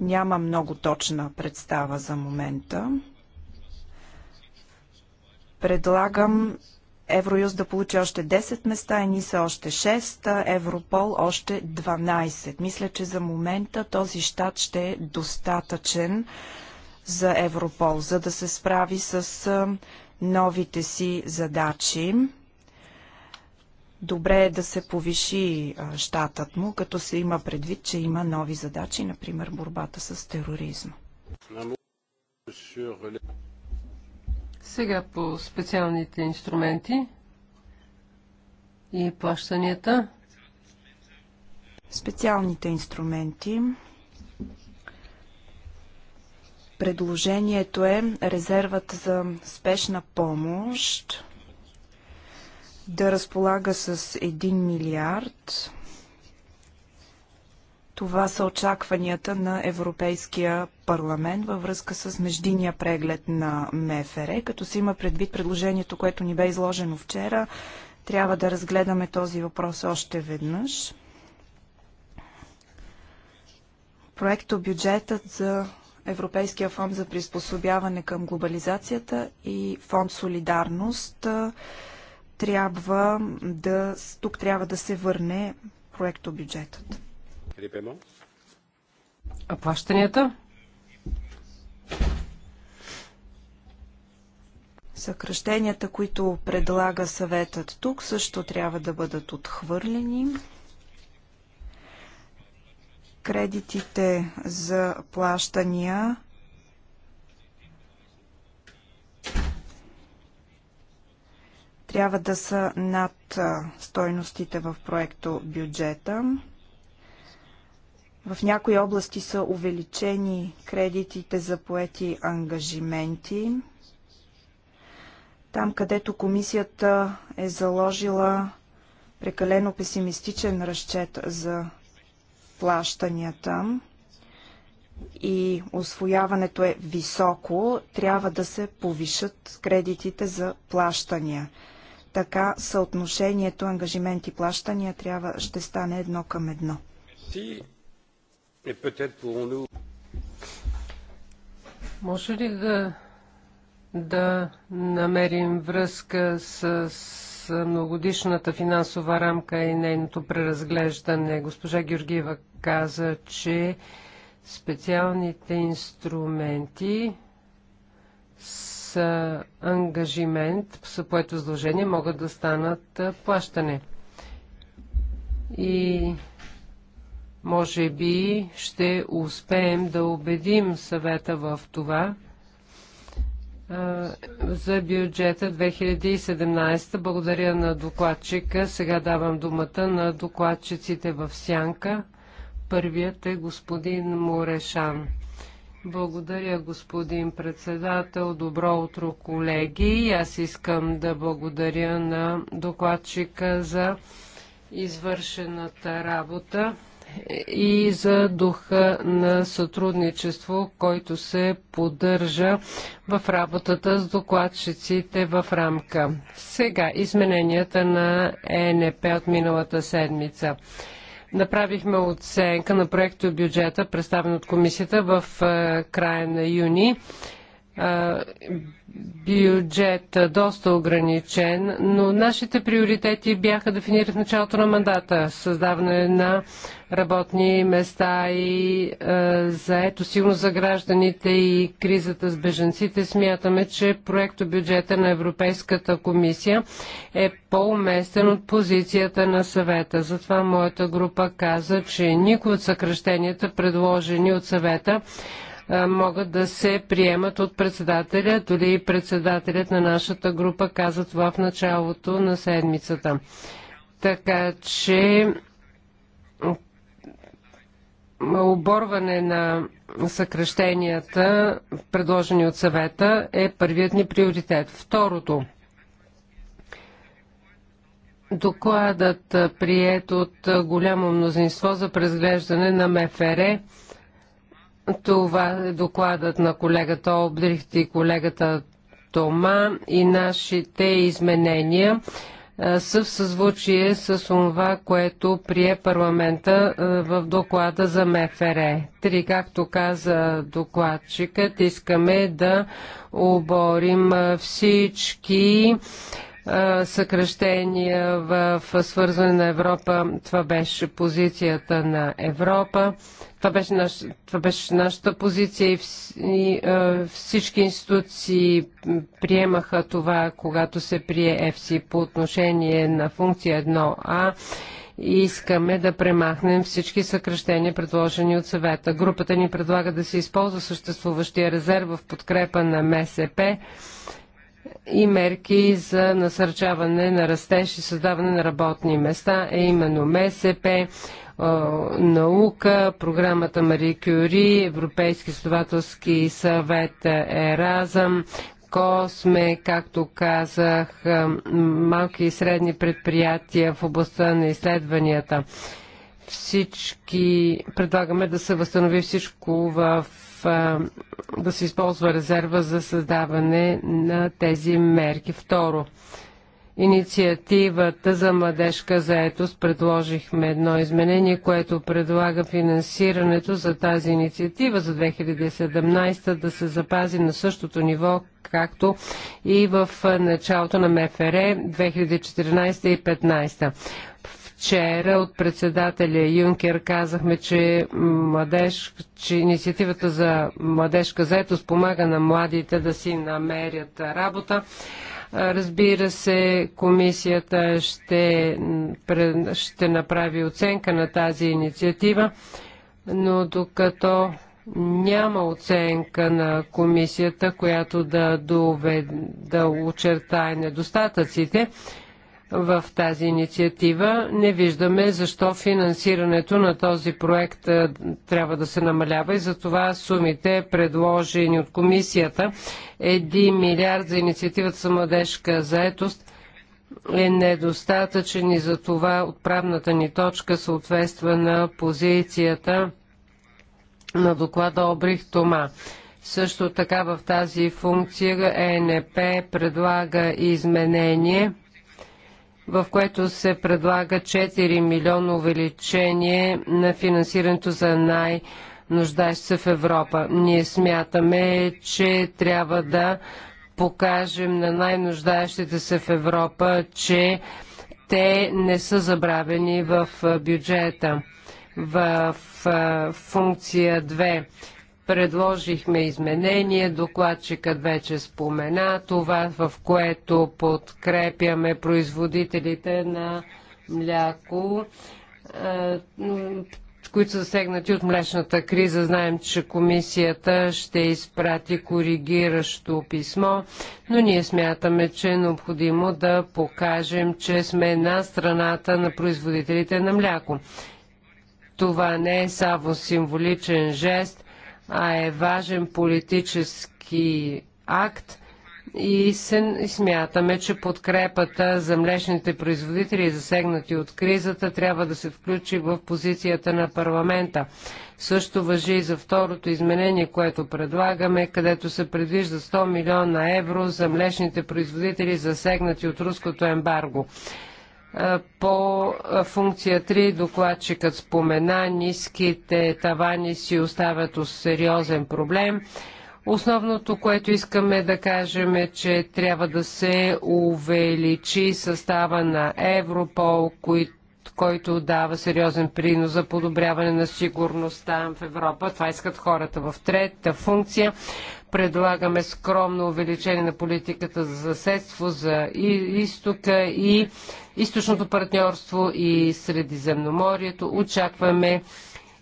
Няма много точна представа за момента. Предлагам Евроюз да получи още 10 места, ЕНИСА още 6, Европол още 12. Мисля, че за момента този щат ще е достатъчен за Европол, за да се справи с новите си задачи. Добре е да се повиши щатът му, като се има предвид, че има нови задачи, например борбата с тероризма. Сега по специалните инструменти и плащанията. Специалните инструменти. Предложението е резервата за спешна помощ да разполага с 1 милиард това са очакванията на Европейския парламент във връзка с междиния преглед на МФР. Като се има предвид предложението, което ни бе изложено вчера, трябва да разгледаме този въпрос още веднъж. Проекто бюджетът за Европейския фонд за приспособяване към глобализацията и фонд Солидарност трябва да, тук трябва да се върне проекто бюджетът. А плащанията? Съкръщенията, които предлага съветът тук, също трябва да бъдат отхвърлени. Кредитите за плащания трябва да са над стойностите в проекто бюджета. В някои области са увеличени кредитите за поети ангажименти. Там, където комисията е заложила прекалено песимистичен разчет за плащанията и освояването е високо, трябва да се повишат кредитите за плащания. Така съотношението ангажименти плащания трябва ще стане едно към едно. Et peut-être pourrons-nous... Може ли да, да намерим връзка с, с многодишната финансова рамка и нейното преразглеждане? Госпожа Георгиева каза, че специалните инструменти с ангажимент, с поето задължение, могат да станат плащане. И може би ще успеем да убедим съвета в това за бюджета 2017. Благодаря на докладчика. Сега давам думата на докладчиците в Сянка. Първият е господин Морешан. Благодаря, господин председател. Добро утро, колеги. Аз искам да благодаря на докладчика за извършената работа и за духа на сътрудничество, който се поддържа в работата с докладчиците в рамка. Сега измененията на ЕНП от миналата седмица. Направихме оценка на проекто бюджета, представен от комисията в е, края на юни бюджет доста ограничен, но нашите приоритети бяха дефинирани в началото на мандата. Създаване на работни места и заето силно за гражданите и кризата с беженците. Смятаме, че проекто бюджета на Европейската комисия е по-уместен от позицията на съвета. Затова моята група каза, че никой от съкръщенията, предложени от съвета, могат да се приемат от председателя. Дори и председателят на нашата група каза това в началото на седмицата. Така че оборване на съкръщенията, предложени от съвета, е първият ни приоритет. Второто. Докладът прият от голямо мнозинство за презглеждане на МФР това е докладът на колегата Обдрихт и колегата Тома и нашите изменения са в съзвучие с това, което прие парламента в доклада за МФР. Три, както каза докладчикът, искаме да оборим всички съкръщения в свързване на Европа. Това беше позицията на Европа. Това беше, наш, това беше нашата позиция и, вс, и а, всички институции приемаха това, когато се прие ЕФСИ по отношение на функция 1А. И искаме да премахнем всички съкръщения, предложени от съвета. Групата ни предлага да се използва съществуващия резерв в подкрепа на МСП и мерки за насърчаване на растеж и създаване на работни места, е именно МСП, наука, програмата Мари Кюри, Европейски следователски съвет е, Еразъм, Косме, както казах, е, малки и средни предприятия в областта на изследванията. Всички предлагаме да се възстанови всичко в да се използва резерва за създаване на тези мерки. Второ, инициативата за младежка заетост предложихме едно изменение, което предлага финансирането за тази инициатива за 2017 да се запази на същото ниво, както и в началото на МФР 2014 и 2015. Вчера от председателя Юнкер казахме, че, младеж, че инициативата за младежка заетост помага на младите да си намерят работа. Разбира се, комисията ще, ще направи оценка на тази инициатива, но докато няма оценка на комисията, която да, довед, да очертае недостатъците, в тази инициатива. Не виждаме защо финансирането на този проект е, трябва да се намалява и затова сумите, предложени от комисията, 1 милиард за инициативата за младежка заетост е недостатъчен и за това отправната ни точка съответства на позицията на доклада Обрих Тома. Също така в тази функция ЕНП предлага изменение – в което се предлага 4 милиона увеличение на финансирането за най- нуждаещи се в Европа. Ние смятаме, че трябва да покажем на най-нуждаещите се в Европа, че те не са забравени в бюджета. В функция 2 Предложихме изменение, докладчикът вече спомена това, в което подкрепяме производителите на мляко, които са засегнати от млечната криза. Знаем, че комисията ще изпрати коригиращо писмо, но ние смятаме, че е необходимо да покажем, че сме на страната на производителите на мляко. Това не е само символичен жест, а е важен политически акт и се смятаме, че подкрепата за млечните производители, засегнати от кризата, трябва да се включи в позицията на парламента. Също въжи и за второто изменение, което предлагаме, където се предвижда 100 милиона евро за млечните производители, засегнати от руското ембарго. По функция 3 докладчикът спомена, ниските тавани си оставят сериозен проблем. Основното, което искаме да кажем е, че трябва да се увеличи състава на Европол, който който дава сериозен принос за подобряване на сигурността в Европа. Това искат хората в трета функция. Предлагаме скромно увеличение на политиката за съседство за изтока и източното партньорство и Средиземноморието. Очакваме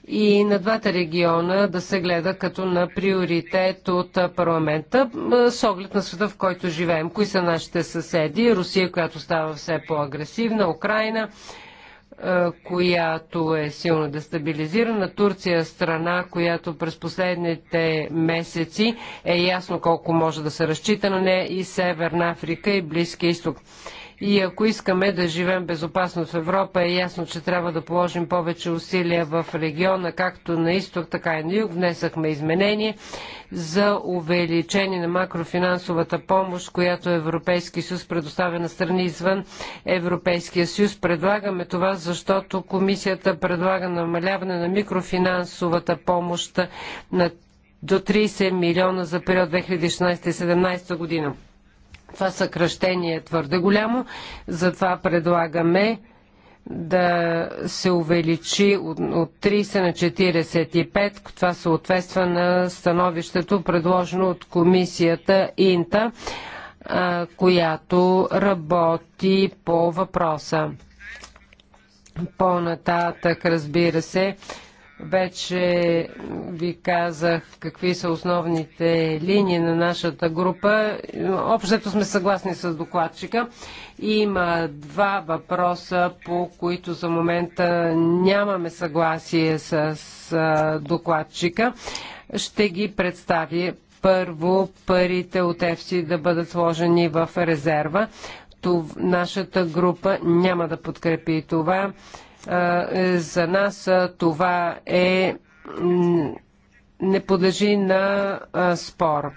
и на двата региона да се гледа като на приоритет от парламента с оглед на света, в който живеем. Кои са нашите съседи? Русия, която става все по-агресивна, Украина, която е силно дестабилизирана. Турция е страна, която през последните месеци е ясно колко може да се разчита на нея и Северна Африка и Близкия изток. И ако искаме да живеем безопасно в Европа, е ясно, че трябва да положим повече усилия в региона, както на изток, така и на юг. Внесахме изменение за увеличение на макрофинансовата помощ, която Европейски съюз предоставя на страни извън Европейския съюз. Предлагаме това, защото комисията предлага намаляване на микрофинансовата помощ на до 30 милиона за период 2016-2017 година. Това съкръщение е твърде голямо, затова предлагаме да се увеличи от, 30 на 45. Това съответства на становището, предложено от комисията Инта, която работи по въпроса. По-нататък, разбира се, вече ви казах какви са основните линии на нашата група. Общото сме съгласни с докладчика. Има два въпроса, по които за момента нямаме съгласие с докладчика. Ще ги представи първо парите от ЕФСИ да бъдат сложени в резерва. Нашата група няма да подкрепи това е, за нас това е не подлежи на спор.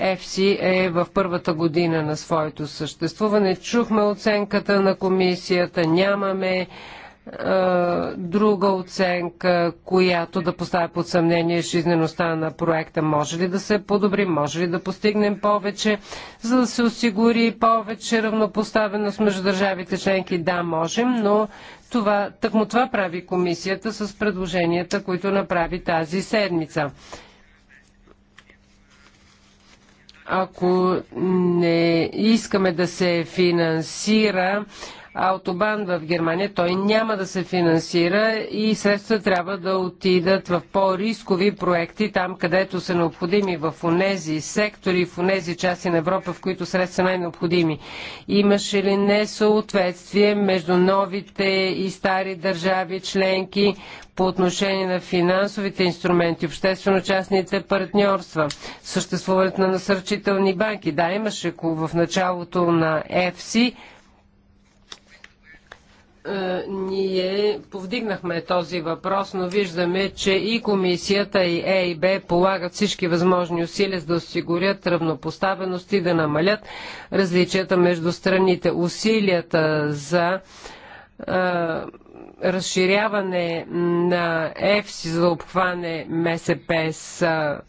ЕФСИ е в първата година на своето съществуване. Чухме оценката на комисията, нямаме друга оценка, която да поставя под съмнение жизнеността на проекта. Може ли да се подобри, може ли да постигнем повече, за да се осигури повече равнопоставеност между държавите членки? Да, можем, но това, тъкмо това прави комисията с предложенията, които направи тази седмица. Ако не искаме да се финансира Аутобан в Германия, той няма да се финансира и средства трябва да отидат в по-рискови проекти, там където са необходими в онези сектори, в онези части на Европа, в които средства са най-необходими. Имаше ли несъответствие между новите и стари държави членки по отношение на финансовите инструменти, обществено-частните партньорства, съществуването на насърчителни банки? Да, имаше в началото на ЕФСИ е, ние повдигнахме този въпрос, но виждаме, че и комисията и ЕИБ полагат всички възможни усилия за да осигурят равнопоставеност и да намалят различията между страните. Усилията за а, е, разширяване на ЕФСИ за обхване МСП са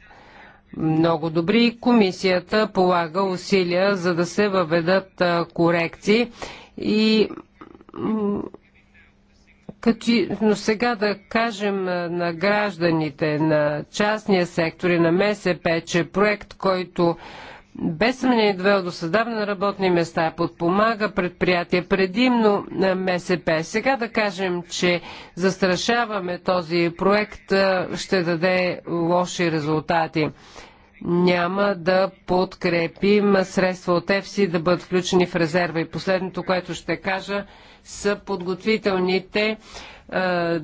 много добри. Комисията полага усилия за да се въведат е, корекции и като, но сега да кажем на гражданите, на частния сектор и на МСП, че проект, който без съмнение е довел до създаване на работни места, подпомага предприятия, предимно на МСП. Сега да кажем, че застрашаваме този проект, ще даде лоши резултати. Няма да подкрепим средства от ЕФСИ да бъдат включени в резерва. И последното, което ще кажа, са подготвителните е,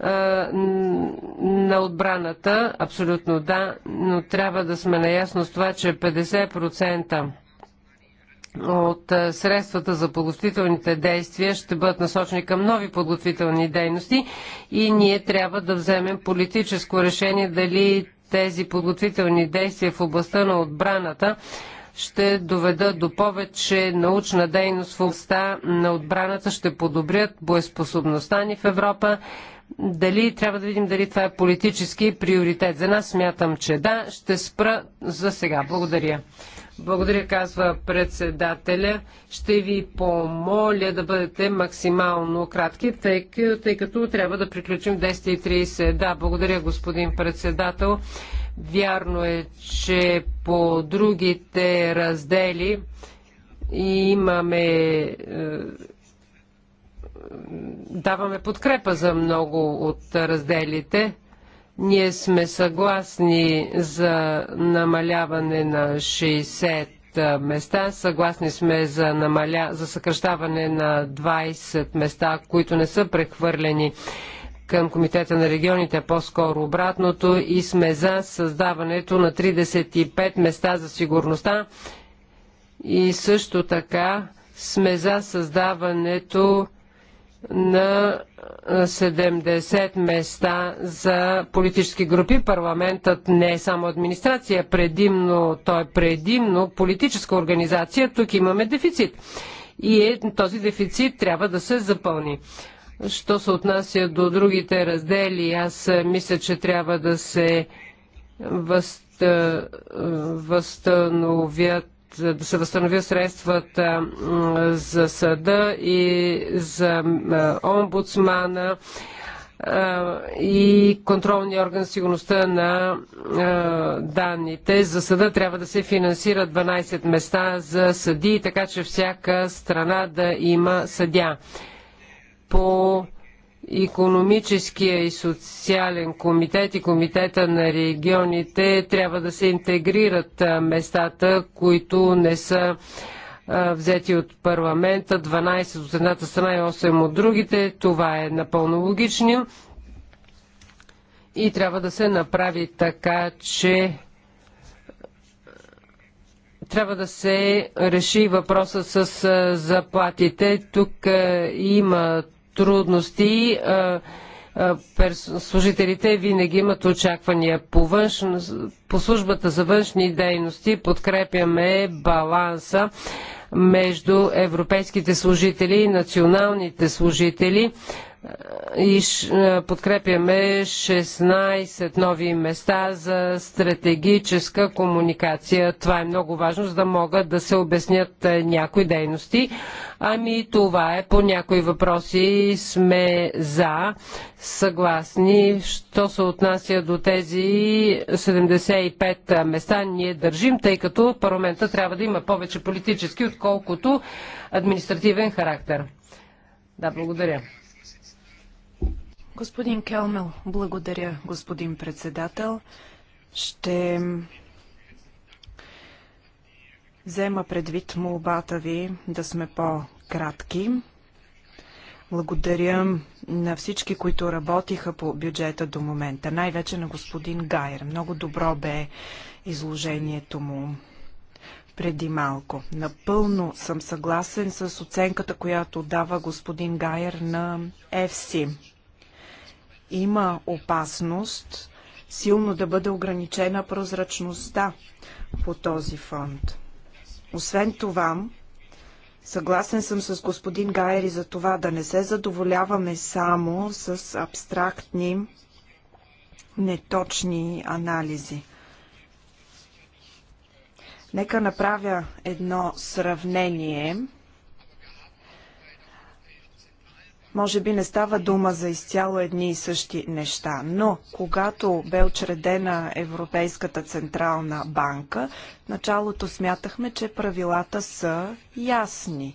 на отбраната, абсолютно да, но трябва да сме наясно с това, че 50% от е, средствата за подготвителните действия ще бъдат насочени към нови подготвителни дейности и ние трябва да вземем политическо решение дали тези подготвителни действия в областта на отбраната ще доведат до повече научна дейност в областта на отбраната, ще подобрят боеспособността ни в Европа. Дали трябва да видим дали това е политически приоритет за нас? Смятам, че да. Ще спра за сега. Благодаря. Благодаря, казва председателя. Ще ви помоля да бъдете максимално кратки, тъй, тъй като трябва да приключим 10.30. Да, благодаря, господин председател. Вярно е, че по другите раздели имаме е, даваме подкрепа за много от разделите. Ние сме съгласни за намаляване на 60 места, съгласни сме за, намаля... за съкръщаване на 20 места, които не са прехвърлени към Комитета на регионите, по-скоро обратното и сме за създаването на 35 места за сигурността и също така сме за създаването на 70 места за политически групи. Парламентът не е само администрация, предимно, той е предимно политическа организация. Тук имаме дефицит. И е, този дефицит трябва да се запълни. Що се отнася до другите раздели, аз мисля, че трябва да се възстановят да се възстановят средствата за съда и за омбудсмана и контролния орган сигурността на данните. За съда трябва да се финансират 12 места за съди, така че всяка страна да има съдя. По економическия и социален комитет и комитета на регионите трябва да се интегрират местата, които не са взети от парламента, 12 от едната страна и 8 от другите. Това е напълно логично. И трябва да се направи така, че трябва да се реши въпроса с заплатите. Тук има трудности. Служителите винаги имат очаквания. По, външ... по службата за външни дейности подкрепяме баланса между европейските служители и националните служители и е, подкрепяме 16 нови места за стратегическа комуникация. Това е много важно, за да могат да се обяснят е, някои дейности. Ами това е по някои въпроси сме за, съгласни. Що се отнася до тези 75 места, ние държим, тъй като парламента трябва да има повече политически, отколкото административен характер. Да, благодаря. Господин Келмел, благодаря, господин председател. Ще взема предвид молбата ви да сме по-кратки. Благодаря на всички, които работиха по бюджета до момента, най-вече на господин Гайер. Много добро бе изложението му преди малко. Напълно съм съгласен с оценката, която дава господин Гайер на ЕФСИ. Има опасност силно да бъде ограничена прозрачността по този фонд. Освен това, съгласен съм с господин Гайри за това да не се задоволяваме само с абстрактни, неточни анализи. Нека направя едно сравнение – Може би не става дума за изцяло едни и същи неща, но когато бе учредена Европейската централна банка, началото смятахме, че правилата са ясни.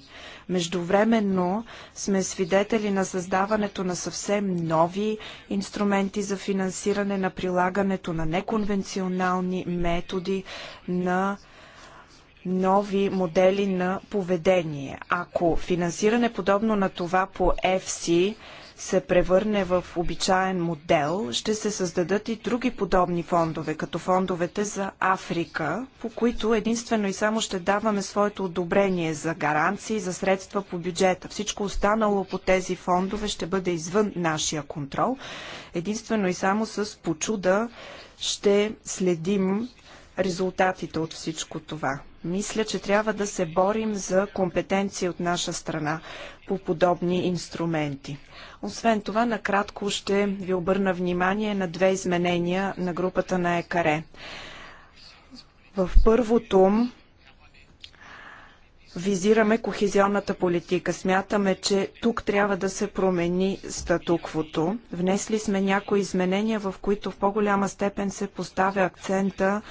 Междувременно сме свидетели на създаването на съвсем нови инструменти за финансиране на прилагането на неконвенционални методи на нови модели на поведение. Ако финансиране подобно на това по FC се превърне в обичаен модел, ще се създадат и други подобни фондове, като фондовете за Африка, по които единствено и само ще даваме своето одобрение за гаранции, за средства по бюджета. Всичко останало по тези фондове ще бъде извън нашия контрол. Единствено и само с почуда ще следим резултатите от всичко това. Мисля, че трябва да се борим за компетенции от наша страна по подобни инструменти. Освен това, накратко ще ви обърна внимание на две изменения на групата на ЕКАРЕ. В първото визираме кохезионната политика. Смятаме, че тук трябва да се промени статуквото. Внесли сме някои изменения, в които в по-голяма степен се поставя акцента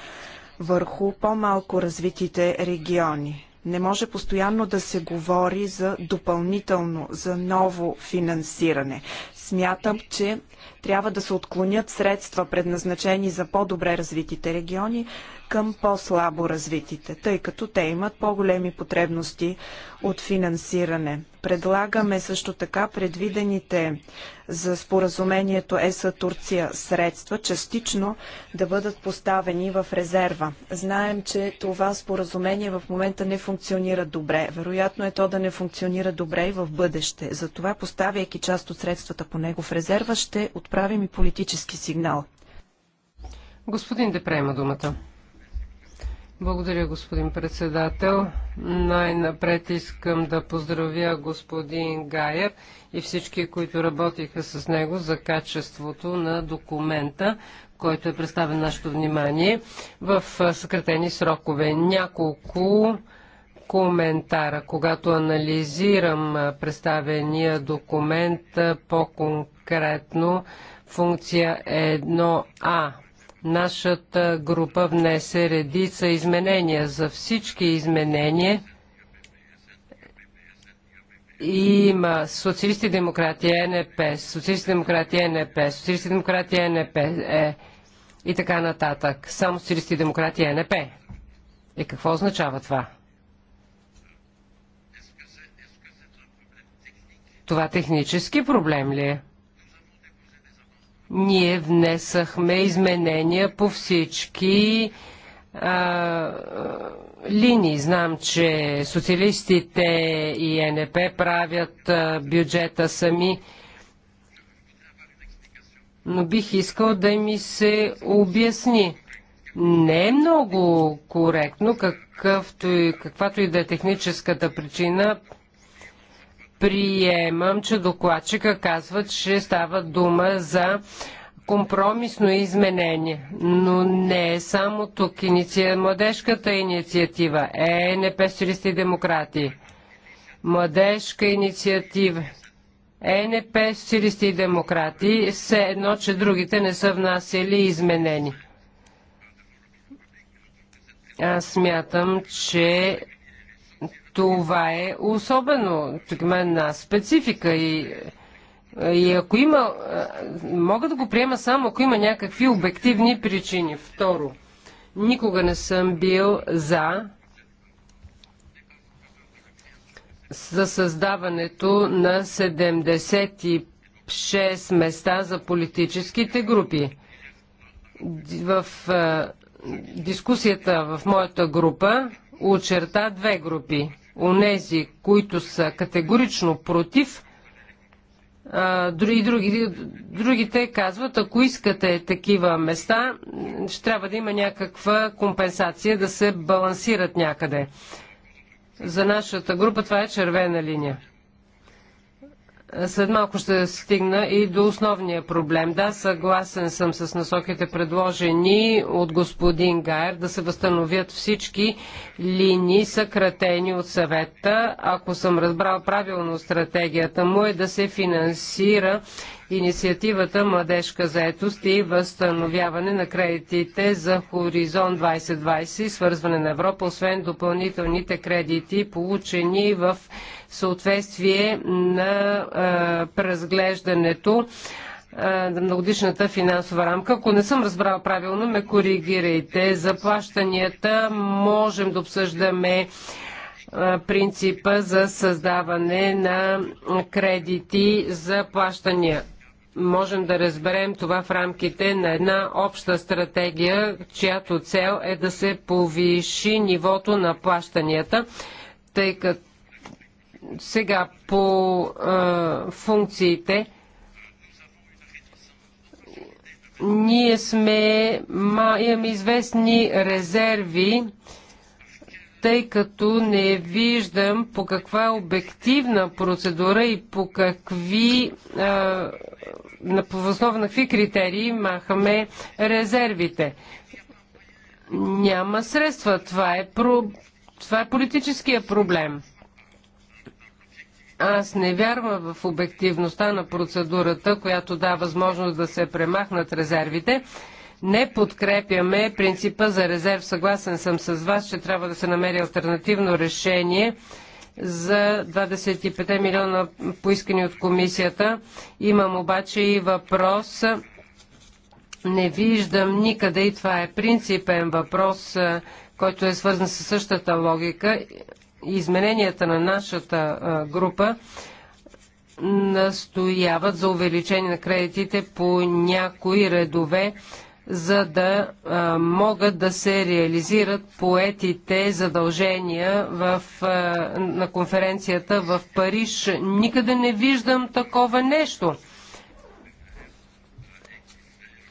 върху по-малко развитите региони. Не може постоянно да се говори за допълнително, за ново финансиране. Смятам, че трябва да се отклонят средства, предназначени за по-добре развитите региони, към по-слабо развитите, тъй като те имат по-големи потребности от финансиране. Предлагаме също така предвидените за споразумението ЕСА Турция средства частично да бъдат поставени в резерва. Знаем, че това споразумение в момента не функционира добре. Вероятно е то да не функционира добре и в бъдеще. Затова, поставяйки част от средствата по него в резерва, ще отправим и политически сигнал. Господин Депре има думата. Благодаря, господин председател. Най-напред искам да поздравя господин Гаев и всички, които работиха с него за качеството на документа, който е представен нашето внимание в съкратени срокове. Няколко коментара. Когато анализирам представения документ, по-конкретно функция 1А Нашата група внесе редица изменения. За всички изменения има социалисти демократи НП, социалисти демократи НП, социалисти демократи НП е, и така нататък. Само социалисти демократи НП. И е, какво означава това? Това технически проблем ли е? Ние внесахме изменения по всички а, линии. Знам, че социалистите и НП правят а, бюджета сами, но бих искал да ми се обясни. Не е много коректно, какъвто и, каквато и да е техническата причина, Приемам, че докладчика казва, че става дума за компромисно изменение, но не е само тук. Иниция... Младежката инициатива, е ЕНП, Социалисти и Демократи, Младежка инициатива, е ЕНП, Социалисти и Демократи, все едно, че другите не са внасяли изменени. Аз смятам, че това е особено, тук има една специфика и, и ако има, мога да го приема само ако има някакви обективни причини. Второ, никога не съм бил за за създаването на 76 места за политическите групи. В дискусията в моята група очерта две групи онези, които са категорично против, други, други, другите казват, ако искате такива места, ще трябва да има някаква компенсация, да се балансират някъде. За нашата група това е червена линия. След малко ще стигна и до основния проблем. Да, съгласен съм с насоките предложени от господин Гайер да се възстановят всички линии, съкратени от съвета. Ако съм разбрал правилно стратегията му е да се финансира инициативата Младежка заетост и възстановяване на кредитите за Хоризонт 2020 и свързване на Европа, освен допълнителните кредити, получени в съответствие на а, преразглеждането многодишната финансова рамка. Ако не съм разбрала правилно, ме коригирайте. Заплащанията можем да обсъждаме принципа за създаване на кредити за плащания можем да разберем това в рамките на една обща стратегия, чиято цел е да се повиши нивото на плащанията, тъй като сега по а, функциите ние сме, ма, имаме известни резерви тъй като не виждам по каква обективна процедура и по какви, на основа на какви критерии махаме резервите. Няма средства. Това е, про... това е политическия проблем. Аз не вярвам в обективността на процедурата, която дава възможност да се премахнат резервите не подкрепяме принципа за резерв. Съгласен съм с вас, че трябва да се намери альтернативно решение за 25 милиона поискани от комисията. Имам обаче и въпрос. Не виждам никъде и това е принципен въпрос, който е свързан с същата логика. Измененията на нашата група настояват за увеличение на кредитите по някои редове за да а, могат да се реализират поетите задължения в, а, на конференцията в Париж. Никъде не виждам такова нещо.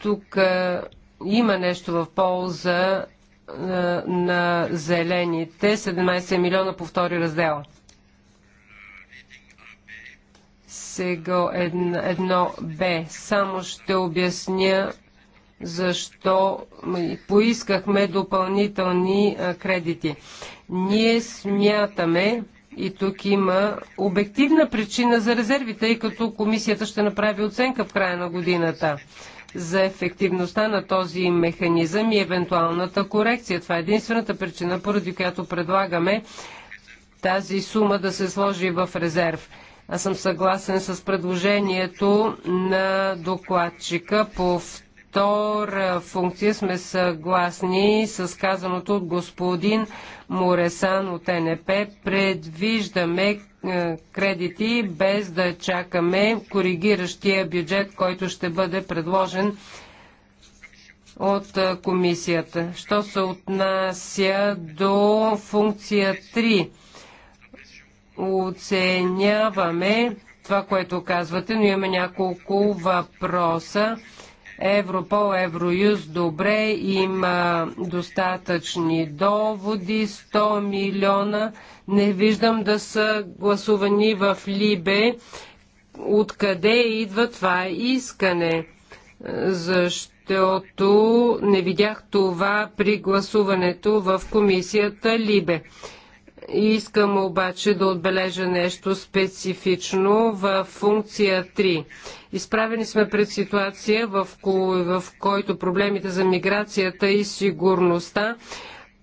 Тук а, има нещо в полза на зелените. 17 милиона по втори раздел. Сега едно, едно Б. Само ще обясня защо поискахме допълнителни кредити. Ние смятаме, и тук има обективна причина за резервите, тъй като комисията ще направи оценка в края на годината за ефективността на този механизъм и евентуалната корекция. Това е единствената причина, поради която предлагаме тази сума да се сложи в резерв. Аз съм съгласен с предложението на докладчика по втората втора функция сме съгласни с казаното от господин Моресан от НП. Предвиждаме е, кредити без да чакаме коригиращия бюджет, който ще бъде предложен от е, комисията. Що се отнася до функция 3? Оценяваме това, което казвате, но имаме няколко въпроса. Европол, Евроюз, добре, има достатъчни доводи, 100 милиона. Не виждам да са гласувани в Либе. Откъде идва това искане? Защото не видях това при гласуването в комисията Либе. Искам обаче да отбележа нещо специфично в функция 3. Изправени сме пред ситуация, в, ко... в който проблемите за миграцията и сигурността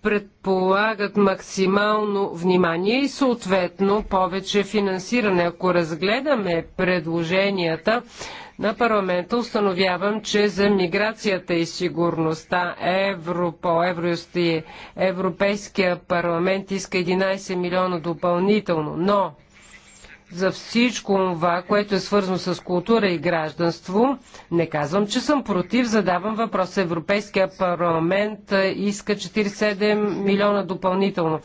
предполагат максимално внимание и съответно повече финансиране. Ако разгледаме предложенията на парламента установявам, че за миграцията и сигурността Европол, Евроюст и Европейския парламент иска 11 милиона допълнително, но за всичко това, което е свързано с култура и гражданство. Не казвам, че съм против, задавам въпрос. Европейския парламент иска 47 милиона допълнително.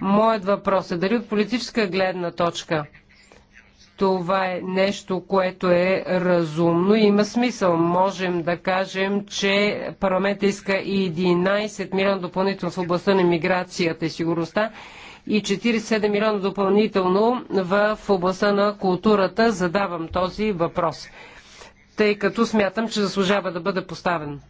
Моят въпрос е дали от политическа гледна точка това е нещо, което е разумно и има смисъл. Можем да кажем, че парламент иска 11 милиона допълнително в областта на миграцията и сигурността и 47 милиона допълнително в областта на културата. Задавам този въпрос, тъй като смятам, че заслужава да бъде поставен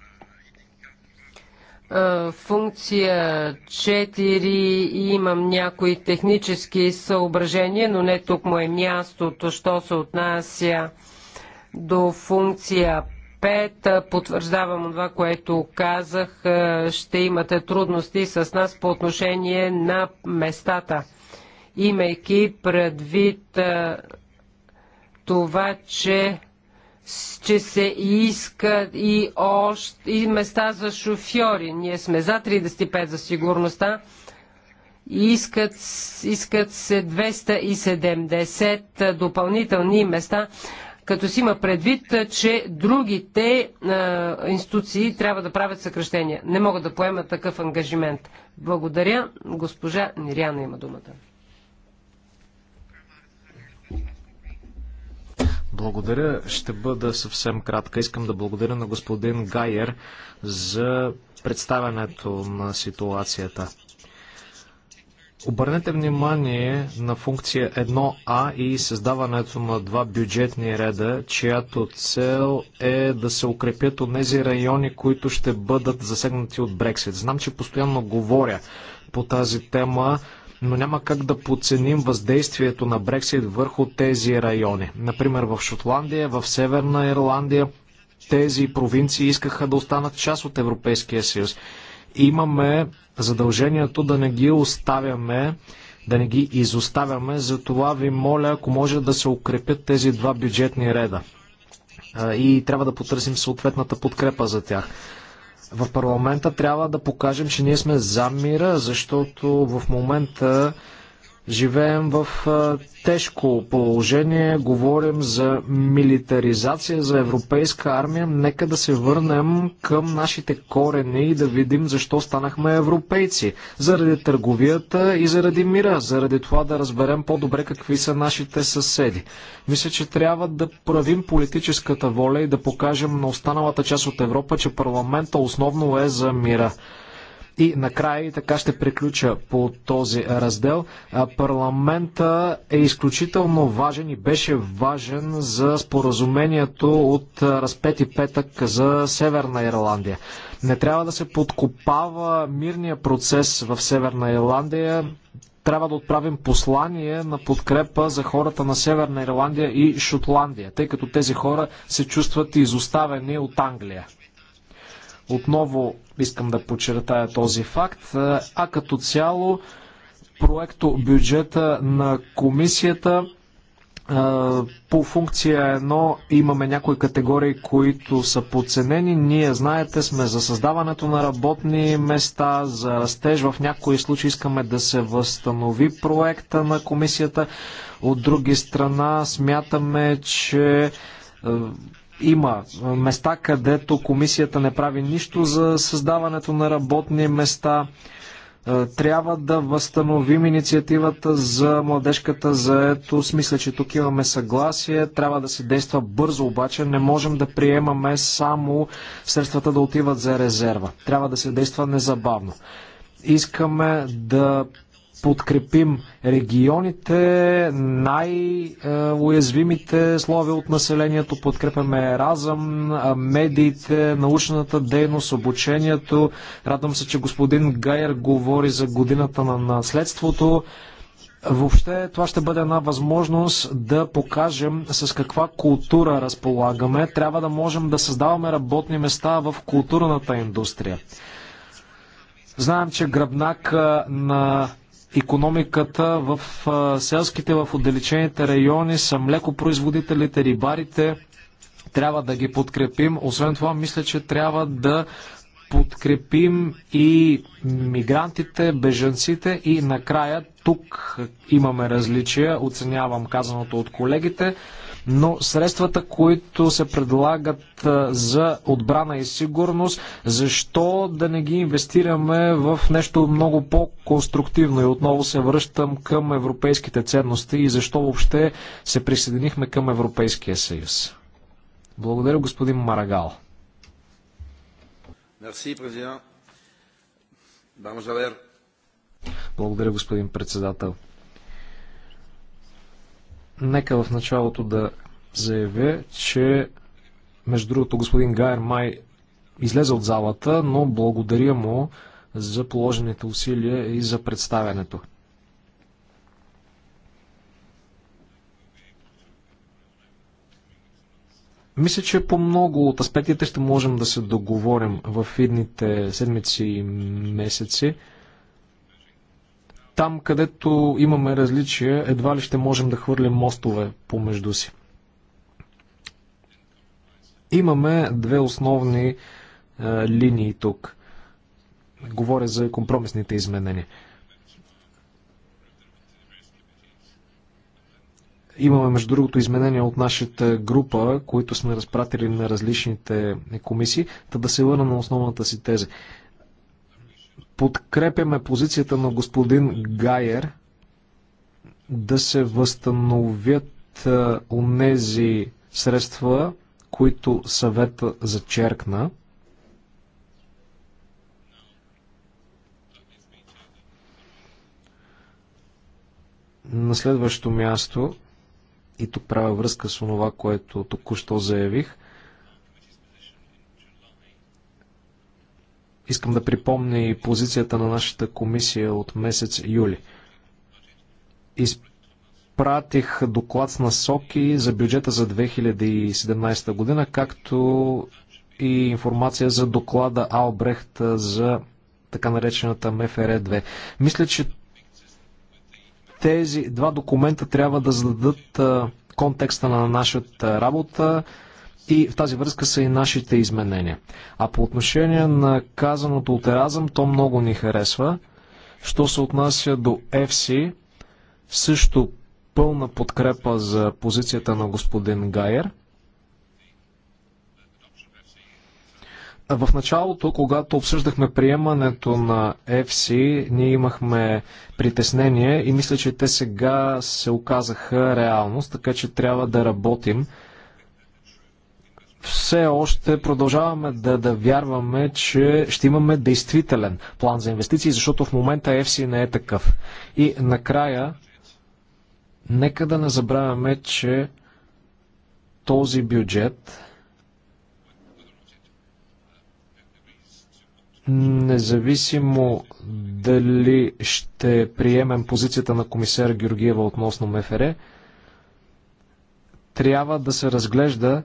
функция 4 имам някои технически съображения, но не тук му е мястото, що се отнася до функция 5. Потвърждавам това, което казах. Ще имате трудности с нас по отношение на местата. Имайки предвид това, че че се иска и, още, и места за шофьори. Ние сме за 35 за сигурността. Искат, искат се 270 допълнителни места, като си има предвид, че другите а, институции трябва да правят съкръщения. Не могат да поемат такъв ангажимент. Благодаря. Госпожа Ниряна има думата. Благодаря. Ще бъда съвсем кратка. Искам да благодаря на господин Гайер за представянето на ситуацията. Обърнете внимание на функция 1А и създаването на два бюджетни реда, чиято цел е да се укрепят от тези райони, които ще бъдат засегнати от Брексит. Знам, че постоянно говоря по тази тема, но няма как да подценим въздействието на Брексит върху тези райони. Например, в Шотландия, в Северна Ирландия, тези провинции искаха да останат част от Европейския съюз. Имаме задължението да не ги оставяме, да не ги изоставяме. Затова ви моля, ако може да се укрепят тези два бюджетни реда. И трябва да потърсим съответната подкрепа за тях в парламента трябва да покажем, че ние сме за мира, защото в момента Живеем в тежко положение, говорим за милитаризация, за европейска армия. Нека да се върнем към нашите корени и да видим защо станахме европейци. Заради търговията и заради мира, заради това да разберем по-добре какви са нашите съседи. Мисля, че трябва да правим политическата воля и да покажем на останалата част от Европа, че парламента основно е за мира. И накрая, и така ще приключа по този раздел, парламента е изключително важен и беше важен за споразумението от разпети петък за Северна Ирландия. Не трябва да се подкопава мирния процес в Северна Ирландия. Трябва да отправим послание на подкрепа за хората на Северна Ирландия и Шотландия, тъй като тези хора се чувстват изоставени от Англия. Отново искам да подчертая този факт. А като цяло проекто бюджета на комисията по функция 1 имаме някои категории, които са подценени. Ние, знаете, сме за създаването на работни места, за растеж. В някои случаи искаме да се възстанови проекта на комисията. От други страна, смятаме, че има места, където комисията не прави нищо за създаването на работни места. Е, трябва да възстановим инициативата за младежката заетост. Мисля, че тук имаме съгласие. Трябва да се действа бързо, обаче не можем да приемаме само средствата да отиват за резерва. Трябва да се действа незабавно искаме да подкрепим регионите, най-уязвимите слове от населението, подкрепяме разъм, медиите, научната дейност, обучението. Радвам се, че господин Гайер говори за годината на наследството. Въобще това ще бъде една възможност да покажем с каква култура разполагаме. Трябва да можем да създаваме работни места в културната индустрия. Знаем, че гръбнак на економиката в селските, в отдалечените райони са млекопроизводителите, рибарите. Трябва да ги подкрепим. Освен това, мисля, че трябва да подкрепим и мигрантите, бежанците и накрая тук имаме различия, оценявам казаното от колегите но средствата, които се предлагат за отбрана и сигурност, защо да не ги инвестираме в нещо много по-конструктивно? И отново се връщам към европейските ценности и защо въобще се присъединихме към Европейския съюз. Благодаря, господин Марагал. Благодаря, господин председател. Нека в началото да заявя, че между другото господин Гайер май излезе от залата, но благодаря му за положените усилия и за представянето. Мисля, че по много от аспектите ще можем да се договорим в идните седмици и месеци. Там, където имаме различия, едва ли ще можем да хвърлим мостове помежду си. Имаме две основни е, линии тук. Говоря за компромисните изменения. Имаме, между другото, изменения от нашата група, които сме разпратили на различните комисии, та да се върна на основната си теза подкрепяме позицията на господин Гайер да се възстановят е, онези средства, които съвета зачеркна. На следващото място, и тук правя връзка с това, което току-що заявих, Искам да припомня и позицията на нашата комисия от месец юли. Изпратих доклад с насоки за бюджета за 2017 година, както и информация за доклада Албрехт за така наречената МФР-2. Мисля, че тези два документа трябва да зададат контекста на нашата работа, и в тази връзка са и нашите изменения. А по отношение на казаното от Еразъм, то много ни харесва. Що се отнася до FC, също пълна подкрепа за позицията на господин Гайер. В началото, когато обсъждахме приемането на FC, ние имахме притеснение и мисля, че те сега се оказаха реалност, така че трябва да работим все още продължаваме да, да вярваме, че ще имаме действителен план за инвестиции, защото в момента EFSI не е такъв. И накрая, нека да не забравяме, че този бюджет независимо дали ще приемем позицията на комисар Георгиева относно МФР, трябва да се разглежда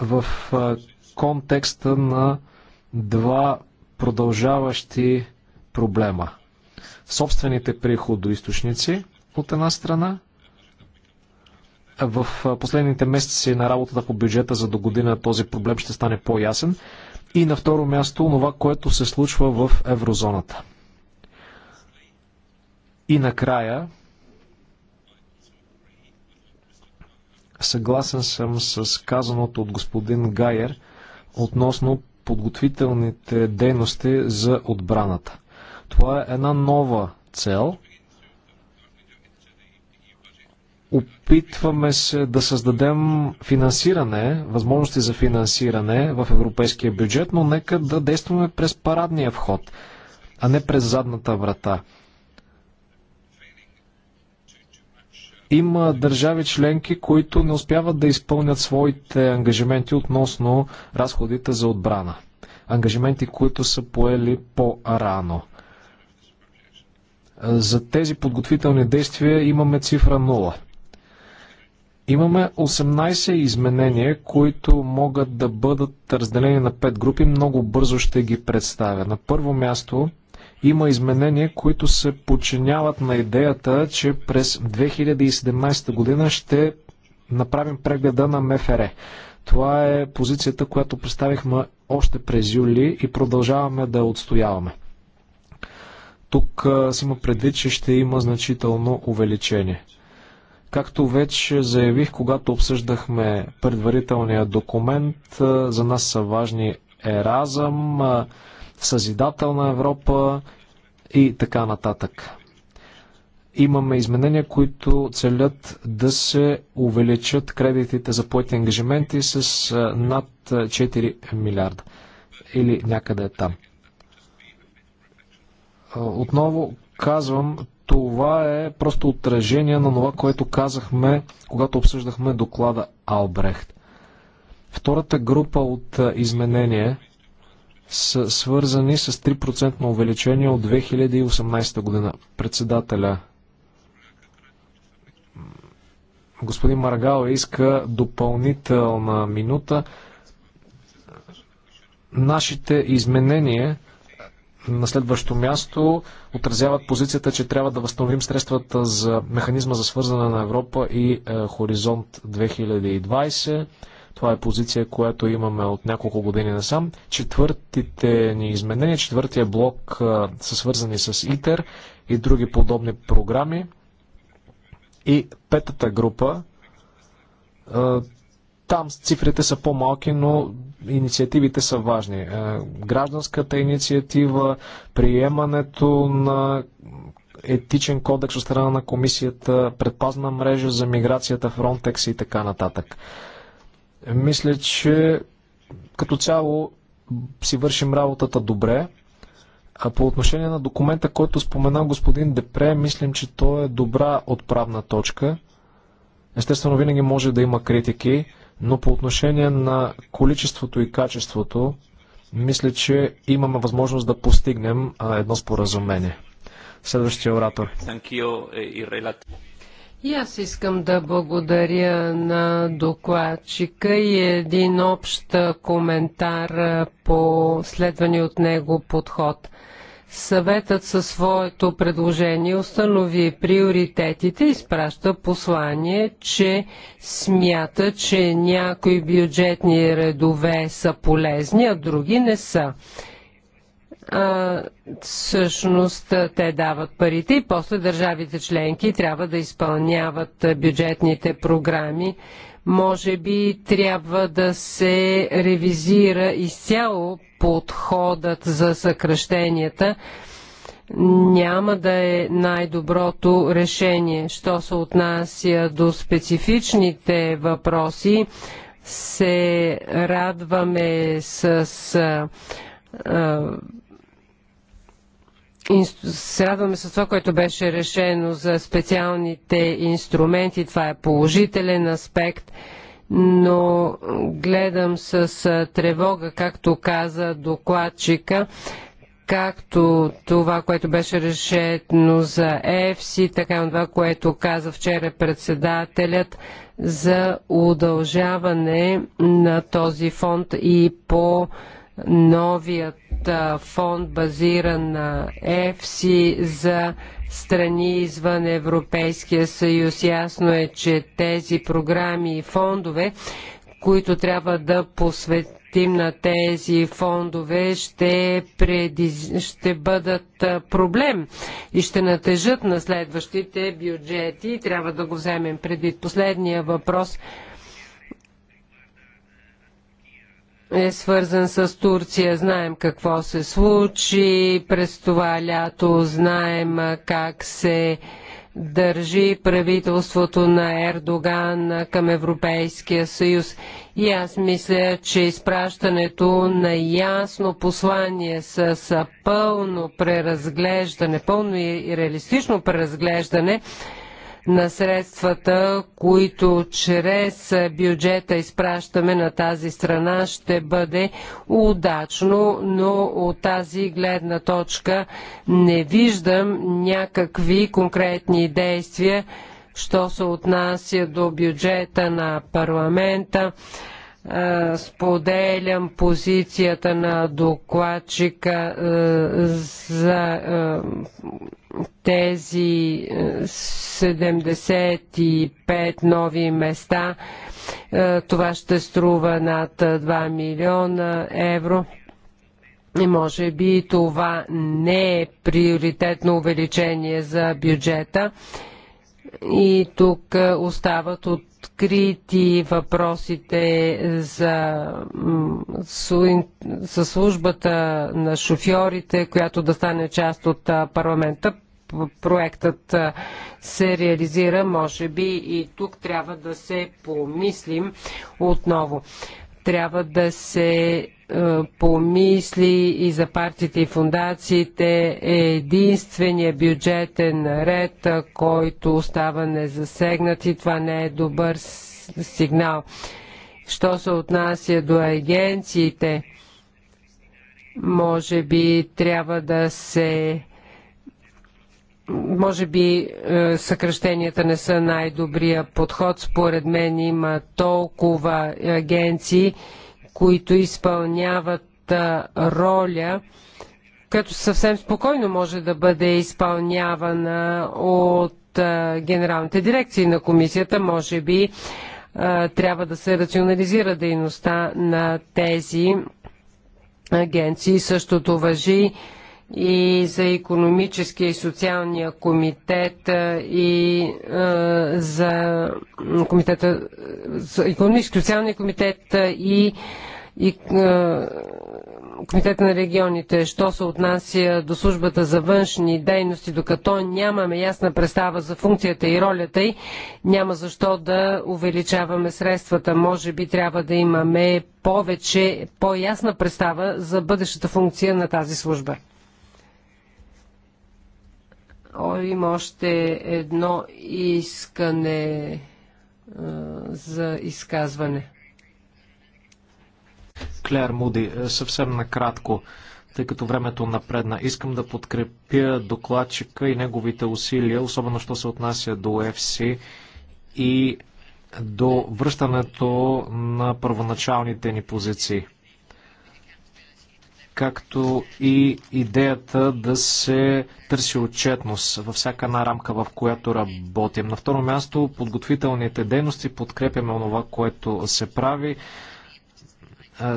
в контекста на два продължаващи проблема. Собствените приходоисточници от една страна. В последните месеци на работата по бюджета за до година този проблем ще стане по-ясен. И на второ място, това, което се случва в еврозоната. И накрая, Съгласен съм с казаното от господин Гайер относно подготвителните дейности за отбраната. Това е една нова цел. Опитваме се да създадем финансиране, възможности за финансиране в европейския бюджет, но нека да действаме през парадния вход, а не през задната врата. Има държави членки, които не успяват да изпълнят своите ангажименти относно разходите за отбрана. Ангажименти, които са поели по-рано. За тези подготвителни действия имаме цифра 0. Имаме 18 изменения, които могат да бъдат разделени на 5 групи. Много бързо ще ги представя. На първо място има изменения, които се подчиняват на идеята, че през 2017 година ще направим прегледа на МФР. Това е позицията, която представихме още през юли и продължаваме да отстояваме. Тук си има предвид, че ще има значително увеличение. Както вече заявих, когато обсъждахме предварителния документ, за нас са важни Еразъм, съзидателна Европа и така нататък. Имаме изменения, които целят да се увеличат кредитите за поети ангажименти с над 4 милиарда или някъде там. Отново казвам, това е просто отражение на това, което казахме, когато обсъждахме доклада Албрехт. Втората група от изменения – са свързани с 3% увеличение от 2018 година. Председателя господин Маргал иска допълнителна минута. Нашите изменения на следващо място отразяват позицията, че трябва да възстановим средствата за механизма за свързане на Европа и е, Хоризонт 2020. Това е позиция, която имаме от няколко години насам. Четвъртите ни изменения, четвъртия блок а, са свързани с ИТЕР и други подобни програми. И петата група, а, там цифрите са по-малки, но инициативите са важни. Гражданската инициатива, приемането на етичен кодекс от страна на комисията, предпазна мрежа за миграцията, Frontex и така нататък. Мисля, че като цяло си вършим работата добре. А по отношение на документа, който спомена господин Депре, мислим, че той е добра отправна точка. Естествено, винаги може да има критики, но по отношение на количеството и качеството, мисля, че имаме възможност да постигнем едно споразумение. Следващия оратор. Eh, и аз искам да благодаря на докладчика и един общ коментар по следвани от него подход. Съветът със своето предложение установи приоритетите и изпраща послание, че смята, че някои бюджетни редове са полезни, а други не са а, всъщност те дават парите и после държавите членки трябва да изпълняват бюджетните програми. Може би трябва да се ревизира изцяло подходът за съкръщенията. Няма да е най-доброто решение. Що се отнася до специфичните въпроси, се радваме с. А, а, се радваме с това, което беше решено за специалните инструменти. Това е положителен аспект, но гледам с тревога, както каза докладчика, както това, което беше решено за ЕФСИ, така и това, което каза вчера председателят за удължаване на този фонд и по новият фонд базиран на ЕФСИ за страни извън Европейския съюз. Ясно е, че тези програми и фондове, които трябва да посветим на тези фондове, ще, предиз... ще бъдат проблем и ще натежат на следващите бюджети. Трябва да го вземем предвид. Последния въпрос – е свързан с Турция. Знаем какво се случи през това лято, знаем как се държи правителството на Ердоган към Европейския съюз. И аз мисля, че изпращането на ясно послание с пълно преразглеждане, пълно и реалистично преразглеждане на средствата, които чрез бюджета изпращаме на тази страна, ще бъде удачно, но от тази гледна точка не виждам някакви конкретни действия, що се отнася до бюджета на парламента. Споделям позицията на докладчика за тези 75 е, нови места. Е, това ще струва над 2 е, милиона евро. И може би това не е приоритетно увеличение за бюджета. И тук остават открити въпросите за, за службата на шофьорите, която да стане част от парламента проектът се реализира, може би и тук трябва да се помислим отново. Трябва да се помисли и за партиите и фундациите е единствения бюджетен ред, който остава незасегнат и това не е добър сигнал. Що се отнася до агенциите, може би трябва да се може би е, съкръщенията не са най-добрия подход. Според мен има толкова агенции, които изпълняват е, роля, като съвсем спокойно може да бъде изпълнявана от е, генералните дирекции на комисията. Може би трябва да се рационализира дейността на тези агенции. Същото въжи и за економическия и социалния комитет и за комитета за економически и социалния комитет и, и комитета на регионите, що се отнася до службата за външни дейности, докато нямаме ясна представа за функцията и ролята й, няма защо да увеличаваме средствата. Може би трябва да имаме повече, по-ясна представа за бъдещата функция на тази служба. О, има още едно искане за изказване. Клер Муди, е, съвсем накратко, тъй като времето напредна. Искам да подкрепя докладчика и неговите усилия, особено що се отнася до FC и до връщането на първоначалните ни позиции както и идеята да се търси отчетност във всяка една рамка, в която работим. На второ място, подготвителните дейности, подкрепяме онова, което се прави,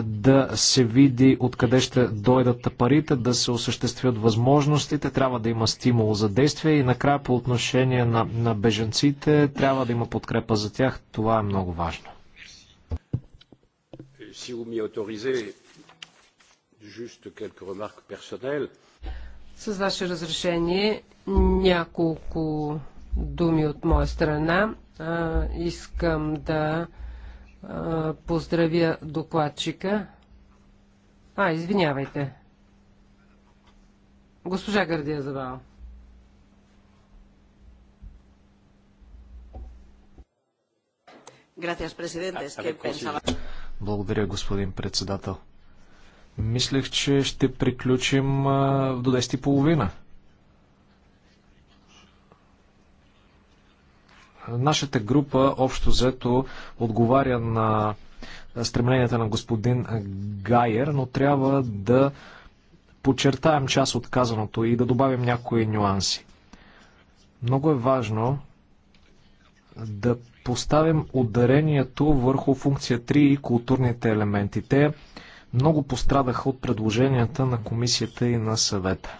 да се види откъде ще дойдат парите, да се осъществят възможностите, трябва да има стимул за действие и накрая по отношение на, на беженците, трябва да има подкрепа за тях. Това е много важно. Е, с ваше разрешение няколко думи от моя страна. А, искам да а, поздравя докладчика. А, извинявайте. Госпожа Гърдия Завал. Благодаря, господин председател. Мислех, че ще приключим до и половина. Нашата група, общо взето, отговаря на стремленията на господин Гайер, но трябва да подчертаем част от казаното и да добавим някои нюанси. Много е важно да поставим ударението върху функция 3 и културните елементи. Те много пострадаха от предложенията на комисията и на съвета.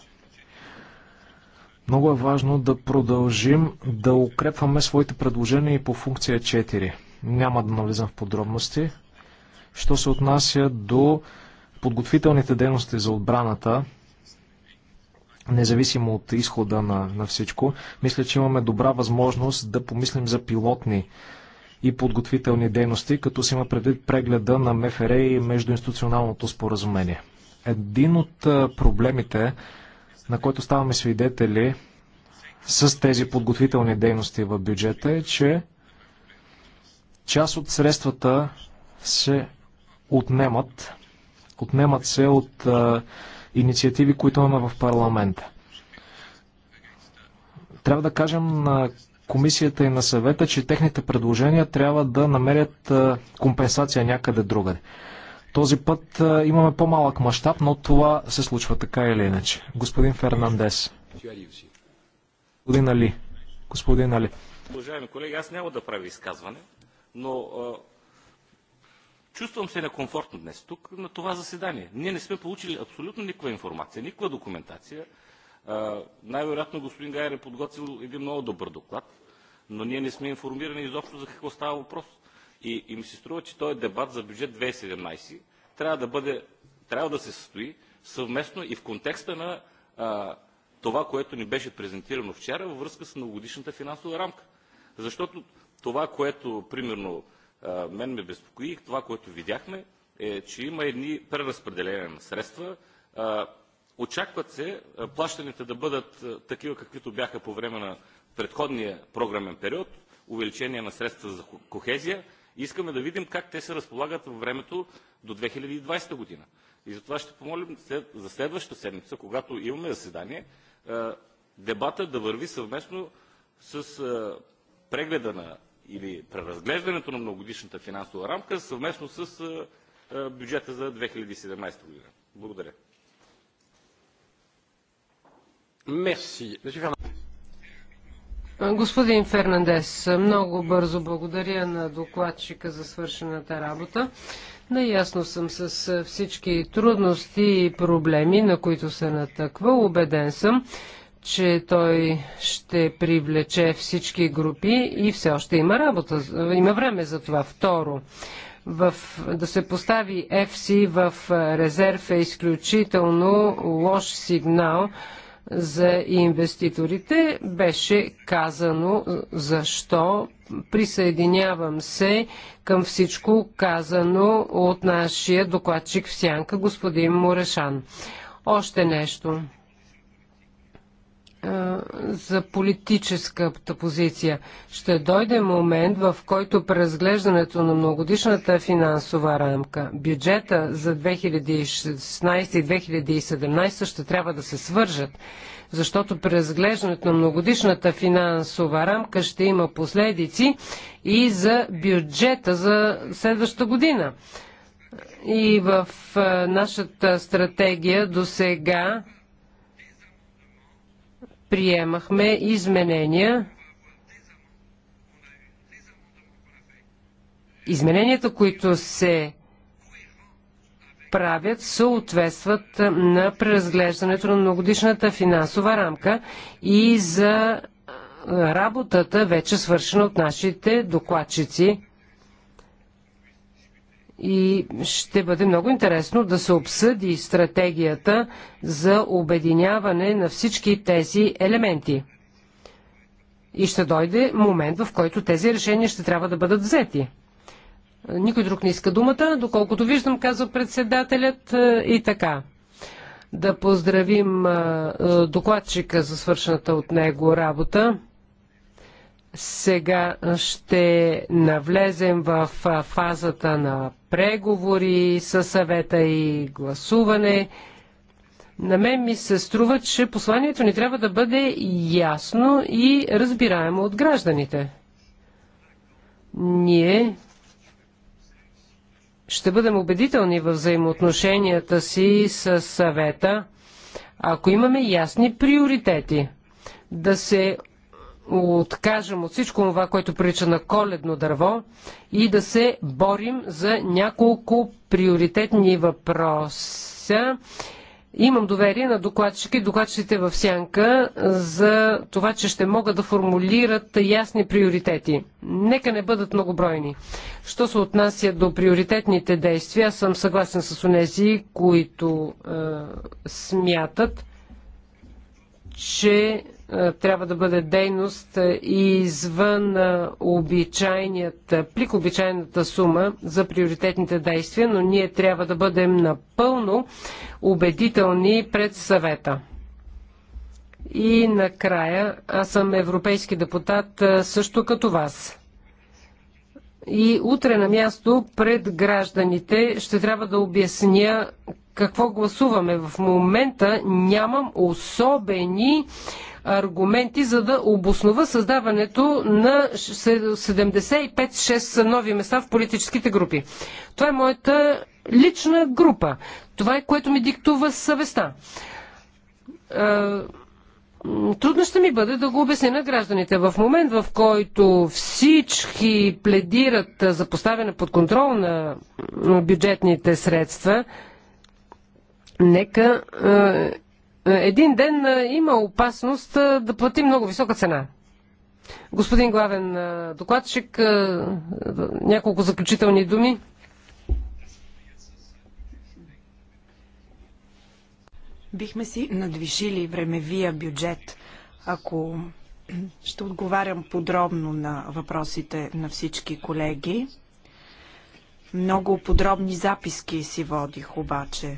Много е важно да продължим да укрепваме своите предложения и по функция 4. Няма да навлизам в подробности. Що се отнася до подготвителните дейности за отбраната, независимо от изхода на, на всичко, мисля, че имаме добра възможност да помислим за пилотни и подготвителни дейности, като се има предвид прегледа на МФР и междуинституционалното споразумение. Един от проблемите, на който ставаме свидетели с тези подготвителни дейности в бюджета е, че част от средствата се отнемат, отнемат се от а, инициативи, които имаме в парламента. Трябва да кажем на комисията и на съвета, че техните предложения трябва да намерят компенсация някъде другаде. Този път имаме по-малък мащаб, но това се случва така или иначе. Господин Фернандес. Господин Али. Господин Али. Уважаеми колеги, аз няма да правя изказване, но чувствам се некомфортно днес тук на това заседание. Ние не сме получили абсолютно никаква информация, никаква документация. Най-вероятно господин Гайер е подготвил един много добър доклад, но ние не сме информирани изобщо за какво става въпрос. И, и ми се струва, че този е дебат за бюджет 2017 трябва да, бъде, трябва да се състои съвместно и в контекста на а, това, което ни беше презентирано вчера във връзка с многогодишната финансова рамка. Защото това, което примерно мен ме безпокои, това, което видяхме, е, че има едни преразпределения на средства. Очакват се е, плащаните да бъдат е, такива, каквито бяха по време на предходния програмен период, увеличение на средства за кохезия. Искаме да видим как те се разполагат във времето до 2020 година. И затова ще помолим за следващата седмица, когато имаме заседание, е, дебата да върви съвместно с прегледа на или преразглеждането на многогодишната финансова рамка съвместно с бюджета за 2017 година. Благодаря. Господин Фернандес, много бързо благодаря на докладчика за свършената работа. Наясно съм с всички трудности и проблеми, на които се натъква. Обеден съм, че той ще привлече всички групи и все още има работа, има време за това. Второ, в, да се постави ФСИ в резерв е изключително лош сигнал за инвеститорите. Беше казано защо. Присъединявам се към всичко казано от нашия докладчик в Сянка, господин Морешан. Още нещо – за политическата позиция. Ще дойде момент, в който преразглеждането на многодишната финансова рамка, бюджета за 2016 и 2017 ще трябва да се свържат, защото преразглеждането на многодишната финансова рамка ще има последици и за бюджета за следващата година. И в нашата стратегия до сега приемахме изменения. Измененията, които се правят, съответстват на преразглеждането на многодишната финансова рамка и за работата, вече свършена от нашите докладчици и ще бъде много интересно да се обсъди стратегията за обединяване на всички тези елементи. И ще дойде момент, в който тези решения ще трябва да бъдат взети. Никой друг не иска думата, доколкото виждам, казва председателят е, и така. Да поздравим е, е, докладчика за свършената от него работа. Сега ще навлезем в фазата на преговори със съвета и гласуване. На мен ми се струва, че посланието ни трябва да бъде ясно и разбираемо от гражданите. Ние ще бъдем убедителни в взаимоотношенията си с съвета, ако имаме ясни приоритети. Да се откажем от всичко това, което прилича на коледно дърво и да се борим за няколко приоритетни въпроса. Имам доверие на докладчики, докладчиците в сянка за това, че ще могат да формулират ясни приоритети. Нека не бъдат многобройни. Що се отнася до приоритетните действия, аз съм съгласен с унези, които е, смятат, че е, трябва да бъде дейност е, извън е, обичайният плик, обичайната сума за приоритетните действия, но ние трябва да бъдем напълно убедителни пред съвета. И накрая, аз съм европейски депутат също като вас. И утре на място пред гражданите ще трябва да обясня какво гласуваме. В момента нямам особени аргументи, за да обоснова създаването на 75-6 нови места в политическите групи. Това е моята лична група. Това е което ми диктува съвестта. Трудно ще ми бъде да го обясня на гражданите. В момент, в който всички пледират за поставяне под контрол на бюджетните средства, Нека е, е, един ден е, има опасност да плати много висока цена. Господин главен докладчик, няколко заключителни думи. Бихме си надвишили времевия бюджет, ако ще отговарям подробно на въпросите на всички колеги. Много подробни записки си водих обаче.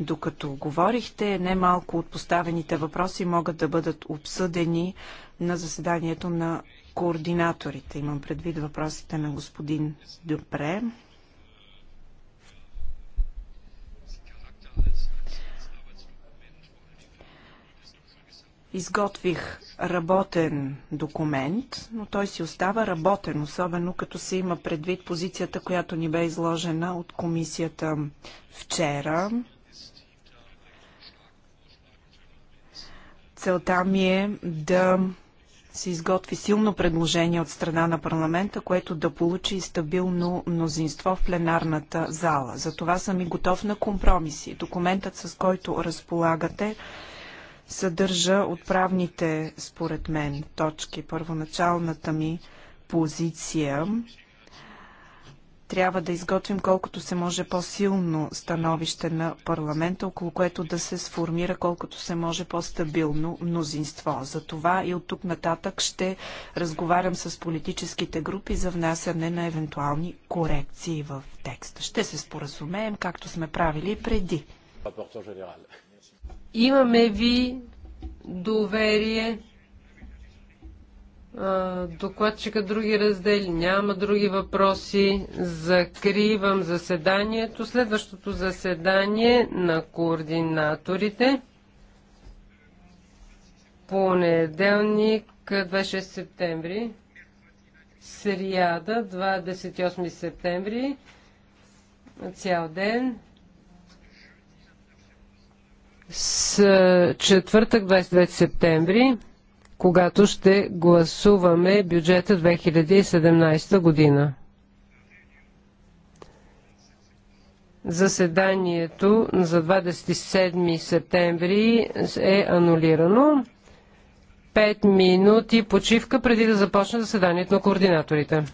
Докато говорихте, немалко от поставените въпроси могат да бъдат обсъдени на заседанието на координаторите. Имам предвид въпросите на господин Дюпре. Изготвих работен документ, но той си остава работен, особено като се има предвид позицията, която ни бе изложена от комисията вчера. Целта ми е да се изготви силно предложение от страна на парламента, което да получи стабилно мнозинство в пленарната зала. Затова съм и готов на компромиси. Документът, с който разполагате, съдържа отправните, според мен, точки. Първоначалната ми позиция трябва да изготвим колкото се може по-силно становище на парламента, около което да се сформира колкото се може по-стабилно мнозинство. За това и от тук нататък ще разговарям с политическите групи за внасяне на евентуални корекции в текста. Ще се споразумеем, както сме правили преди. Имаме ви доверие докладчика други раздели, няма други въпроси. Закривам заседанието. Следващото заседание на координаторите понеделник 26 септември, сряда 28 септември, цял ден, с четвъртък 29 септември, когато ще гласуваме бюджета 2017 година. Заседанието за 27 септември е анулирано. Пет минути почивка преди да започне заседанието на координаторите.